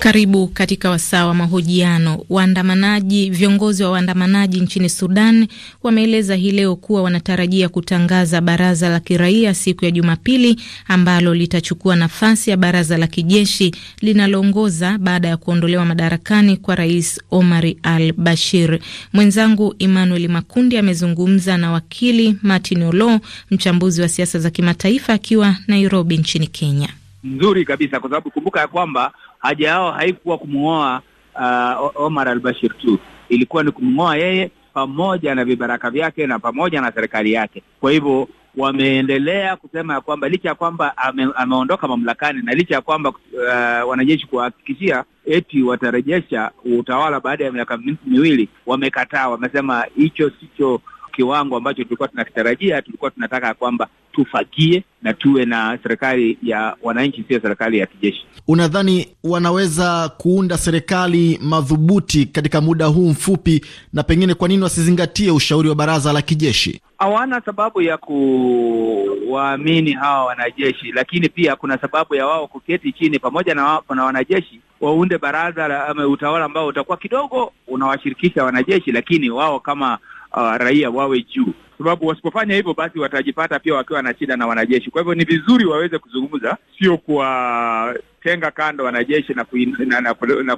Karibu katika wasaa wa mahojiano. Waandamanaji, viongozi wa waandamanaji nchini Sudan wameeleza hii leo kuwa wanatarajia kutangaza baraza la kiraia siku ya Jumapili ambalo litachukua nafasi ya baraza la kijeshi linaloongoza baada ya kuondolewa madarakani kwa Rais Omar al-Bashir. Mwenzangu Emmanuel Makundi amezungumza na wakili Martin Olo, mchambuzi wa siasa za kimataifa akiwa Nairobi nchini Kenya. Nzuri kabisa kwa sababu kumbuka ya kwamba haja yao haikuwa kumng'oa uh, Omar al-Bashir tu, ilikuwa ni kumng'oa yeye pamoja na vibaraka vyake na pamoja na serikali yake. Kwa hivyo wameendelea kusema ya kwamba licha ya kwamba ame, ameondoka mamlakani na licha ya kwamba uh, wanajeshi kuwahakikishia eti watarejesha utawala baada ya miaka miwili, wamekataa. Wamesema hicho sicho kiwango ambacho tulikuwa tunakitarajia. Tulikuwa tunataka kwamba tufagie na tuwe na serikali ya wananchi, sio serikali ya kijeshi. Unadhani wanaweza kuunda serikali madhubuti katika muda huu mfupi? Na pengine kwa nini wasizingatie ushauri wa baraza la kijeshi? Hawana sababu ya kuwaamini hawa wanajeshi, lakini pia kuna sababu ya wao kuketi chini pamoja na, wa, na wanajeshi waunde baraza la utawala ambao utakuwa kidogo unawashirikisha wanajeshi, lakini wao kama uh, raia wawe juu, sababu wasipofanya hivyo basi watajipata pia wakiwa na shida na wanajeshi. Kwa hivyo ni vizuri waweze kuzungumza, sio kuwatenga kando wanajeshi na, ku, na, na, na, na na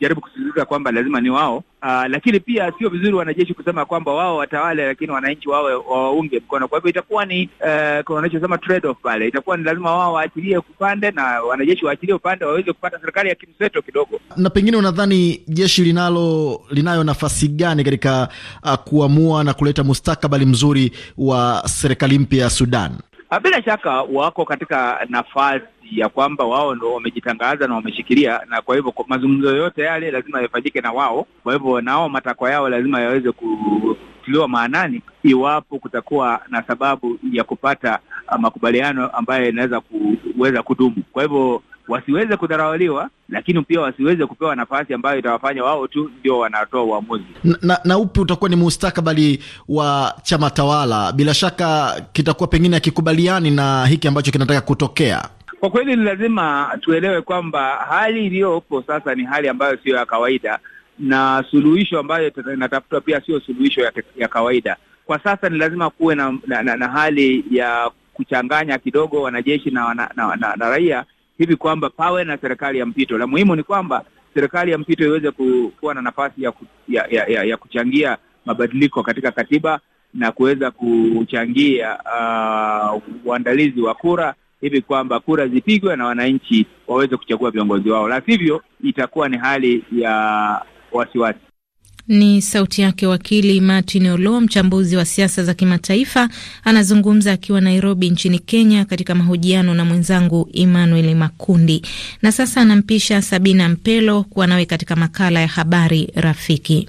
jaribu kusisitiza kwamba lazima ni wao. uh, lakini pia sio vizuri wanajeshi kusema kwamba wao watawale, lakini wananchi wao waunge mkono. Kwa hivyo itakuwa ni uh, wanachosema trade off pale, itakuwa ni lazima wao waachilie upande na wanajeshi waachilie upande waweze kupata serikali ya kimseto kidogo. Na pengine unadhani jeshi linalo linayo nafasi gani katika uh, kuamua na kuleta mustakabali mzuri wa serikali mpya ya Sudan? Ah, bila shaka wako katika nafasi ya kwamba wao ndo wamejitangaza na wameshikilia, na kwa hivyo mazungumzo yote yale lazima yafanyike na wao. Kwa hivyo nao matakwa yao lazima yaweze kutiliwa maanani, iwapo kutakuwa na sababu ya kupata uh, makubaliano ambayo yanaweza kuweza kudumu. Kwa hivyo wasiweze kudharauliwa, lakini pia wasiweze kupewa nafasi ambayo itawafanya wao tu ndio wanatoa uamuzi. Na, na, na upi utakuwa ni mustakabali wa chama tawala? Bila shaka kitakuwa pengine hakikubaliani na hiki ambacho kinataka kutokea. Kwa kweli ni lazima tuelewe kwamba hali iliyopo sasa ni hali ambayo siyo ya kawaida, na suluhisho ambayo inatafutwa pia siyo suluhisho ya, ya kawaida. Kwa sasa ni lazima kuwe na, na, na, na hali ya kuchanganya kidogo wanajeshi na, na, na, na, na raia hivi kwamba pawe na serikali ya mpito. La muhimu ni kwamba serikali ya mpito iweze kuwa na nafasi ya, ku, ya, ya, ya, ya kuchangia mabadiliko katika katiba na kuweza kuchangia uh, uandalizi wa kura hivi kwamba kura zipigwe na wananchi waweze kuchagua viongozi wao, la sivyo itakuwa ni hali ya wasiwasi. Ni sauti yake wakili Martin Olo, mchambuzi wa siasa za kimataifa, anazungumza akiwa Nairobi nchini Kenya, katika mahojiano na mwenzangu Emmanuel Makundi. Na sasa anampisha Sabina Mpelo kuwa nawe katika makala ya habari rafiki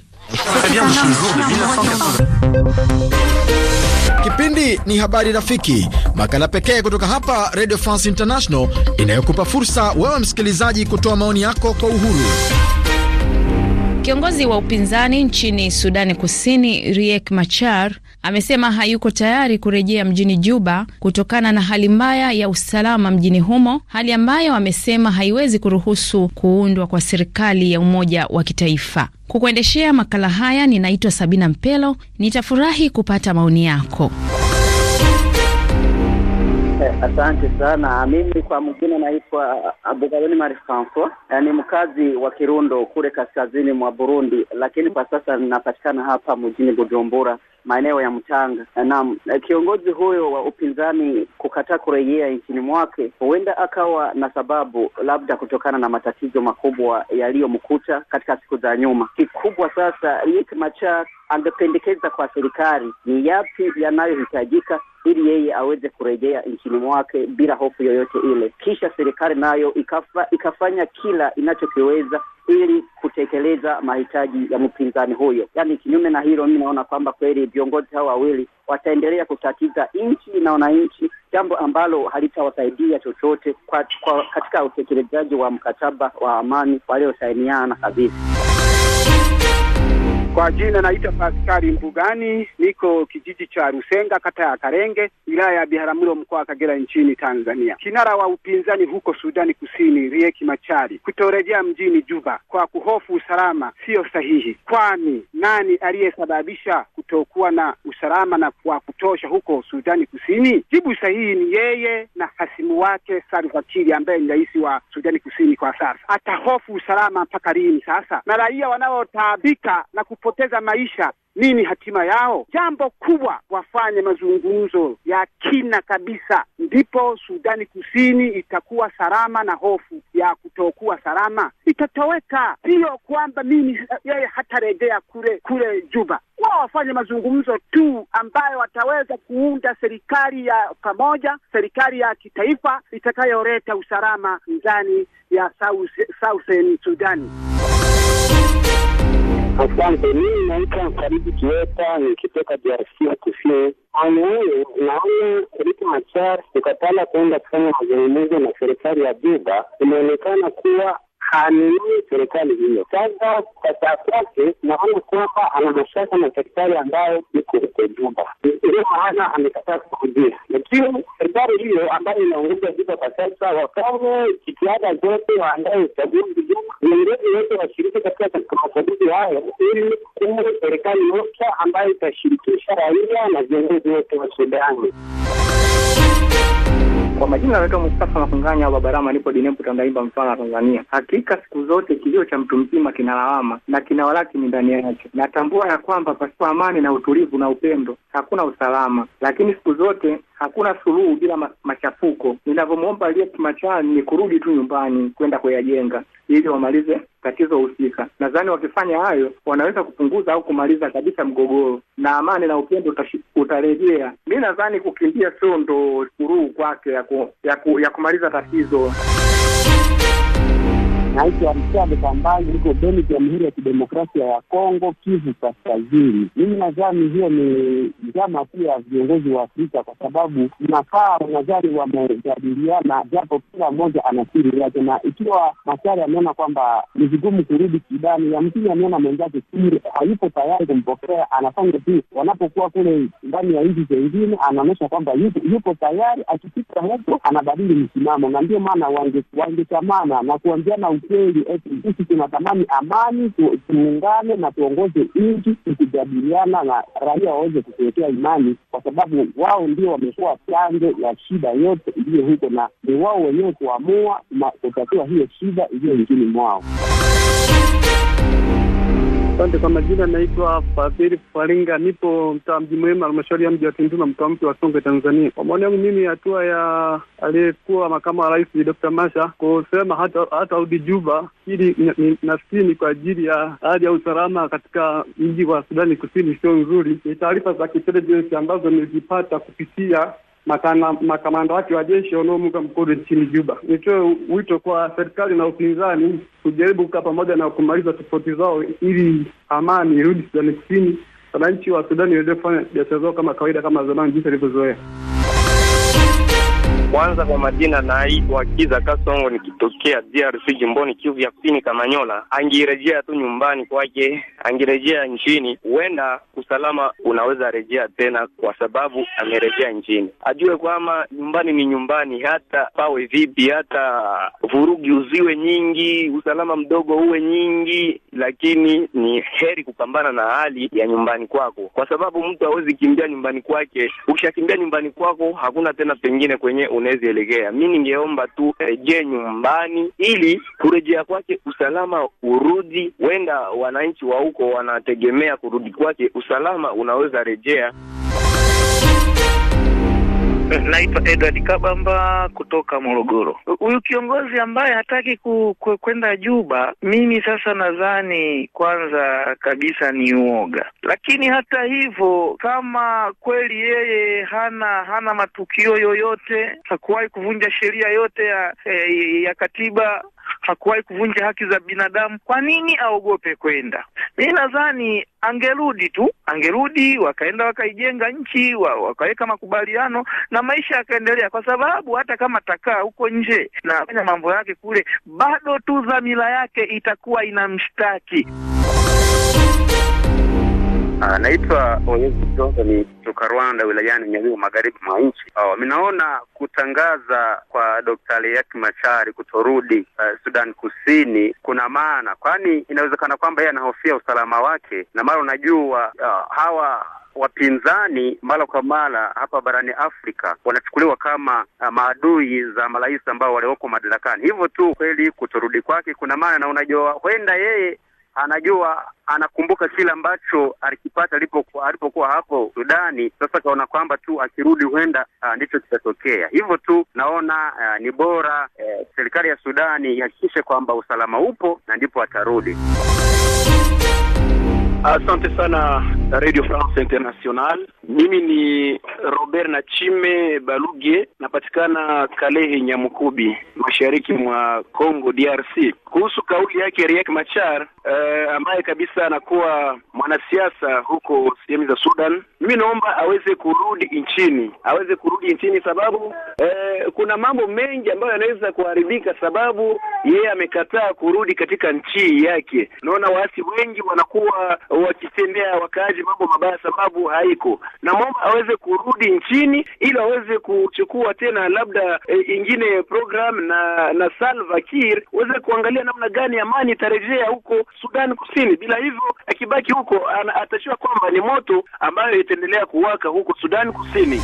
Kipindi ni Habari Rafiki, makala pekee kutoka hapa Radio France International inayokupa fursa wewe msikilizaji kutoa maoni yako kwa uhuru. Kiongozi wa upinzani nchini Sudani Kusini Riek Machar amesema hayuko tayari kurejea mjini Juba kutokana na hali mbaya ya usalama mjini humo, hali ambayo amesema haiwezi kuruhusu kuundwa kwa serikali ya umoja wa kitaifa. Kukuendeshea makala haya ninaitwa Sabina Mpelo, nitafurahi kupata maoni yako. Asante sana. Mimi kwa mwingine naitwa Abugabeni Mari Franco, eh, ni mkazi wa Kirundo kule kaskazini mwa Burundi, lakini kwa sasa ninapatikana hapa mjini Bujumbura maeneo ya Mtanga. Eh, naam, eh, kiongozi huyo wa upinzani kukataa kurejea nchini mwake huenda akawa na sababu, labda kutokana na matatizo makubwa yaliyomkuta katika siku za nyuma. Kikubwa sasa, Riek Machar angependekeza kwa serikali ni yapi yanayohitajika ili yeye aweze kurejea nchini mwake bila hofu yoyote ile. Kisha serikali nayo ikafa, ikafanya kila inachokiweza ili kutekeleza mahitaji ya mpinzani huyo. Yaani, kinyume na hilo, mimi naona kwamba kweli viongozi hao wawili wataendelea kutatiza nchi na wananchi, jambo ambalo halitawasaidia chochote kwa, kwa katika utekelezaji wa mkataba wa amani waliosainiana kabisa. Kwa jina naitwa Paskari Mbugani, niko kijiji cha Rusenga, kata ya Karenge, wilaya ya Biharamulo, mkoa wa Kagera, nchini Tanzania. Kinara wa upinzani huko Sudani Kusini, Rieki Machari, kutorejea mjini Juba kwa kuhofu usalama siyo sahihi, kwani nani aliyesababisha kutokuwa na usalama na wa kutosha huko Sudani Kusini? Jibu sahihi ni yeye na hasimu wake Salva Kiir ambaye ni rais wa Sudani Kusini kwa sasa. Atahofu usalama mpaka lini sasa? Na raia wanaotaabika na waliopoteza maisha, nini hatima yao? Jambo kubwa, wafanye mazungumzo ya kina kabisa, ndipo Sudani Kusini itakuwa salama na hofu ya kutokuwa salama itatoweka. Sio kwamba mimi eh, yeye hatarejea kule kule Juba. Wao wafanye mazungumzo tu ambayo wataweza kuunda serikali ya pamoja, serikali ya kitaifa itakayoleta usalama ndani ya South Southern Sudani. Asante. Mimi naitwa Mkaribi Kiweta nikitoka DRC Kusini. Anweo, naona Riek Machar ukatala kuenda kufanya mazungumzo na serikali ya Juba, imeonekana kuwa haamini serikali hiyo. Sasa kataa kwake, naona kwamba ana mashaka na serikali ambayo iko huko Juba, ndio maana amekataa kuhudia. Lakini serikali hiyo ambayo inaongoza Juba kwa sasa, wakawe jitihada zote waandaye uchaguzi Juba, viongozi wote washiriki katika machaguzi hayo, ili kuwe serikali mpya ambayo itashirikisha raia na viongozi wote wa Sudani. Kwa majina anaitwa Mustafa Makunganya wa Barama, nipo Dinempu Tandaimba, Mtwara, Tanzania. Hakika siku zote kilio cha mtu mzima kinalawama na kinawalaki ni ndani yake. Natambua ya kwamba pasipo amani na utulivu na upendo hakuna usalama, lakini siku zote Hakuna suluhu bila machafuko. Ninavyomwomba Riek Machar ni kurudi tu nyumbani kwenda kuyajenga ili wamalize tatizo husika. Nadhani wakifanya hayo, wanaweza kupunguza au kumaliza kabisa mgogoro, na amani na upendo utarejea. Mi nadhani kukimbia sio ndo suluhu kwake ya, ku, ya, ku, ya kumaliza tatizo. Naitwa Richard Kambali, niko Beni, Jamhuri ya Kidemokrasia ya Kongo, Kivu Kaskazini. Mimi nadhani hiyo ni njama pia ya viongozi wa Afrika kwa sababu nakaa nadhani wamejadiliana, japo kila mmoja ana siri yake, na ikiwa Machari ameona kwamba ni vigumu kurudi kidani yamkini ameona mwenzake siri, hayupo tayari kumpokea, anafanya tu wanapokuwa kule ndani ya nchi zengine, anaonyesha kwamba yupo tayari, akifika huko anabadili msimamo, na ndio maana wangeshamana na kuambiana kweli sisi tunatamani amani, tuungane na tuongoze nchi tukijadiliana, na raia waweze kutuwekea imani, kwa sababu wao ndio wamekuwa chanzo ya shida yote iliyo huko, na ni wao wenyewe kuamua na kutatua hiyo shida iliyo nchini mwao. Asante kwa majina, naitwa Fadhili Faringa, nipo mtaa Mji Mwema, halmashauri ya mji wa Tunduma, mkoa mpya wa Songwe, Tanzania. Kwa maoni yangu mimi, hatua ya aliyekuwa makamu wa rais Dr. Masha kusema hata hata rudi Juba, ili nafikiri ni kwa ajili ya hali ya usalama katika mji wa Sudani Kusini sio nzuri. Ni taarifa za kitelejensi ambazo nilizipata kupitia makana, makamanda wake wa jeshi wanaomuunga mkono nchini Juba. Nitoe wito kwa serikali na upinzani kujaribu kukaa pamoja na kumaliza tofauti zao ili amani irudi Sudani Kusini, wananchi wa Sudani waweze kufanya biashara zao kama kawaida, kama zamani jinsi alivyozoea. Kwanza kwa majina naitwa Kiza Kasongo nikitokea DRC jimboni Kivu ya Kusini Kamanyola. Angirejea tu nyumbani kwake, angirejea nchini, huenda usalama unaweza rejea tena, kwa sababu amerejea nchini. Ajue kwamba nyumbani ni nyumbani, hata pawe vipi, hata vurugi uziwe nyingi, usalama mdogo uwe nyingi, lakini ni heri kupambana na hali ya nyumbani kwako, kwa sababu mtu hawezi kimbia nyumbani kwake. Ukishakimbia nyumbani kwako, hakuna tena pengine kwenye una unawezielekea. Mi ningeomba tu rejee eh, nyumbani, ili kurejea kwake usalama urudi. Wenda wananchi wa huko wanategemea kurudi kwake, usalama unaweza rejea. Naitwa Edward Kabamba kutoka Morogoro. Huyu kiongozi ambaye hataki kwenda ku, ku, Juba, mimi sasa nadhani kwanza kabisa ni uoga, lakini hata hivyo, kama kweli yeye hana hana matukio yoyote, hakuwahi kuvunja sheria yote ya, ya, eh, ya katiba hakuwahi kuvunja haki za binadamu, kwa nini aogope kwenda? Mi nadhani angerudi tu, angerudi wakaenda wakaijenga nchi wa, wakaweka makubaliano na maisha yakaendelea, kwa sababu hata kama takaa huko nje na fanya mambo yake kule, bado tu dhamira yake itakuwa inamshtaki. Anaitwa ah, Onyezi Dodo, ni kutoka Rwanda, wilayani Nyabihu, magharibi mwa nchi. Ah, Minaona kutangaza kwa Daktari Riek Machar kutorudi uh, Sudan Kusini kuna maana, kwani inawezekana kwamba yeye anahofia usalama wake, na mara unajua uh, hawa wapinzani mara kwa mara hapa barani Afrika wanachukuliwa kama uh, maadui za marais ambao walioko madarakani. Hivyo tu kweli kutorudi kwake kuna maana, na unajua huenda yeye anajua anakumbuka kile ambacho alikipata alipokuwa hapo Sudani. Sasa kaona kwamba tu akirudi huenda ah, ndicho kitatokea. Hivyo tu naona ah, ni bora e, serikali ya Sudani ihakikishe kwamba usalama upo na ndipo atarudi. Asante sana Radio France International. Mimi ni Robert Nachime Baluge, napatikana Kalehe Nyamukubi, mashariki mwa Congo DRC. Kuhusu kauli yake Riek Machar uh, ambaye kabisa anakuwa mwanasiasa huko sehemu za Sudan, mimi naomba aweze kurudi nchini, aweze kurudi nchini sababu uh, kuna mambo mengi ambayo yanaweza kuharibika sababu yeye amekataa kurudi katika nchi yake. Naona waasi wengi wanakuwa wakitendea wakaaji mambo mabaya, sababu haiko na mwomba aweze kurudi nchini ili aweze kuchukua tena labda e, ingine program na na Salva Kiir weze kuangalia namna gani amani itarejea huko Sudan Kusini. Bila hivyo akibaki huko atashua kwamba ni moto ambayo itaendelea kuwaka huko Sudan Kusini.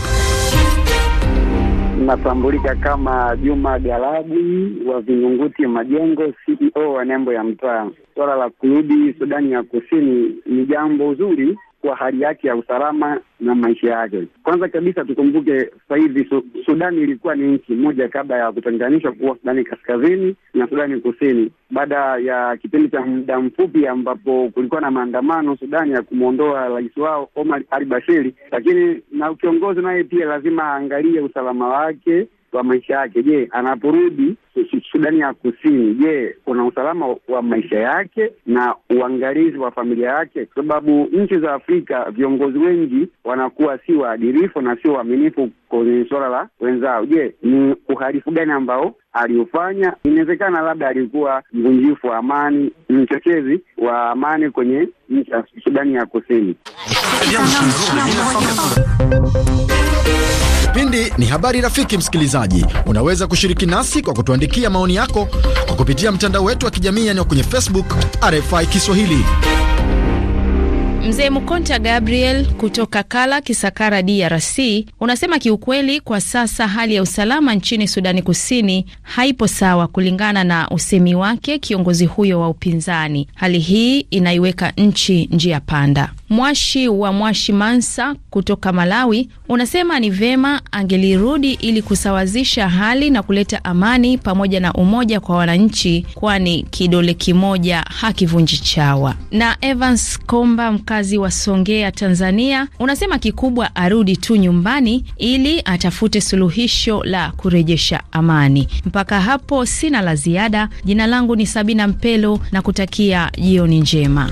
Natambulika kama Juma Galabu wa Vinyunguti Majengo, CEO wa Nembo ya Mtaa. Suala la kurudi Sudani ya Kusini ni jambo zuri kwa hali yake ya usalama na maisha yake. Kwanza kabisa tukumbuke sasa hivi su, Sudani ilikuwa ni nchi moja kabla ya kutenganishwa kuwa Sudani kaskazini na Sudani kusini, baada ya kipindi cha muda mfupi ambapo kulikuwa na maandamano Sudani ya kumwondoa rais wao Omar al Bashiri. Lakini na kiongozi naye pia lazima aangalie usalama wake wa maisha yake. Je, anaporudi Sudani ya Kusini, je, kuna usalama wa maisha yake na uangalizi wa familia yake? Kwa sababu nchi za Afrika viongozi wengi wanakuwa si waadilifu na sio waaminifu kwenye suala la wenzao. Je, ni uhalifu gani ambao aliofanya? Inawezekana labda alikuwa mvunjifu wa amani, mchochezi wa amani kwenye nchi ya Sudani ya Kusini. Kipindi ni habari rafiki, msikilizaji, unaweza kushiriki nasi kwa kutuandika kutuandikia maoni yako kwa kupitia mtandao wetu wa kijamii yani kwenye Facebook RFI Kiswahili. Mzee Mkonta Gabriel kutoka Kala Kisakara, DRC, unasema kiukweli, kwa sasa hali ya usalama nchini Sudani Kusini haipo sawa. Kulingana na usemi wake kiongozi huyo wa upinzani, hali hii inaiweka nchi njia panda. Mwashi wa Mwashi Mansa kutoka Malawi unasema ni vema angelirudi ili kusawazisha hali na kuleta amani pamoja na umoja kwa wananchi, kwani kidole kimoja hakivunji chawa. Na Evans Komba wakazi wa Songea, Tanzania, unasema kikubwa arudi tu nyumbani ili atafute suluhisho la kurejesha amani. Mpaka hapo sina la ziada. Jina langu ni Sabina Mpelo na kutakia jioni njema.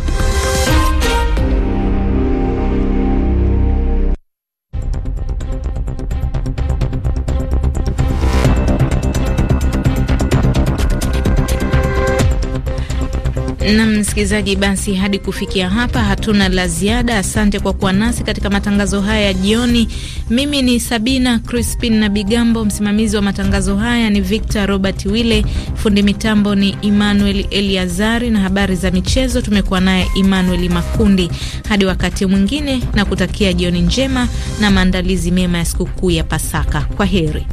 nam msikilizaji, basi hadi kufikia hapa hatuna la ziada. Asante kwa kuwa nasi katika matangazo haya ya jioni. Mimi ni Sabina Crispin na Bigambo, msimamizi wa matangazo haya ni Victor Robert Wille, fundi mitambo ni Emmanuel Eliazari, na habari za michezo tumekuwa naye Emmanuel Makundi. Hadi wakati mwingine, na kutakia jioni njema na maandalizi mema ya sikukuu ya Pasaka. Kwa heri.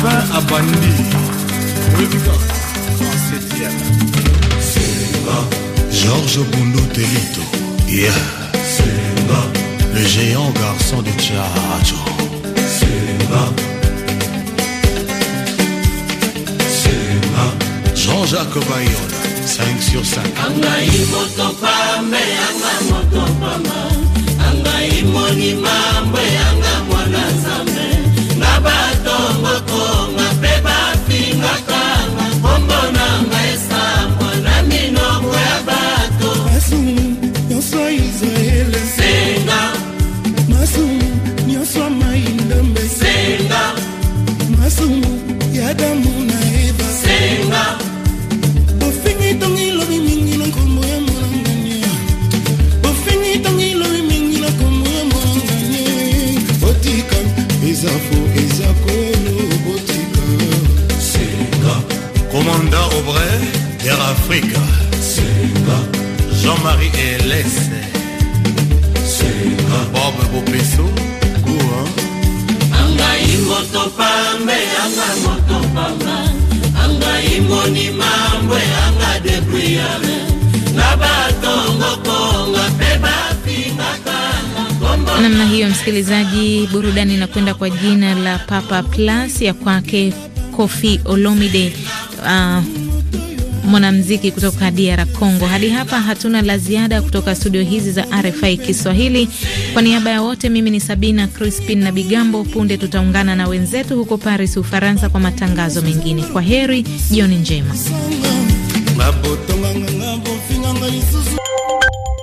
20 à Bandi. Rubica, en 7e. Simba, Georges Boulou Telito. Yeah. Simba, le géant garçon de Tchatcho. Simba. Simba, Jean-Jacques Bayonne. 5 sur 5. Angai moto pambe, angai moto pambe, angai monima, angai Afrique. Jean-Marie et Hélès. Bob Bopesso. Gouan. Angai moto pambe, anga moto pamba. Angai moni mambwe, anga de debriyale. Na batongo nga peba fina Namna hiyo, msikilizaji, burudani inakwenda kwa jina la Papa Plus ya kwake Kofi Olomide. Uh, mwanamziki kutoka DR Congo. Hadi hapa hatuna la ziada kutoka studio hizi za RFI Kiswahili. Kwa niaba ya wote, mimi ni Sabina Crispin na Bigambo. Punde tutaungana na wenzetu huko Paris, Ufaransa, kwa matangazo mengine. Kwa heri, jioni njema.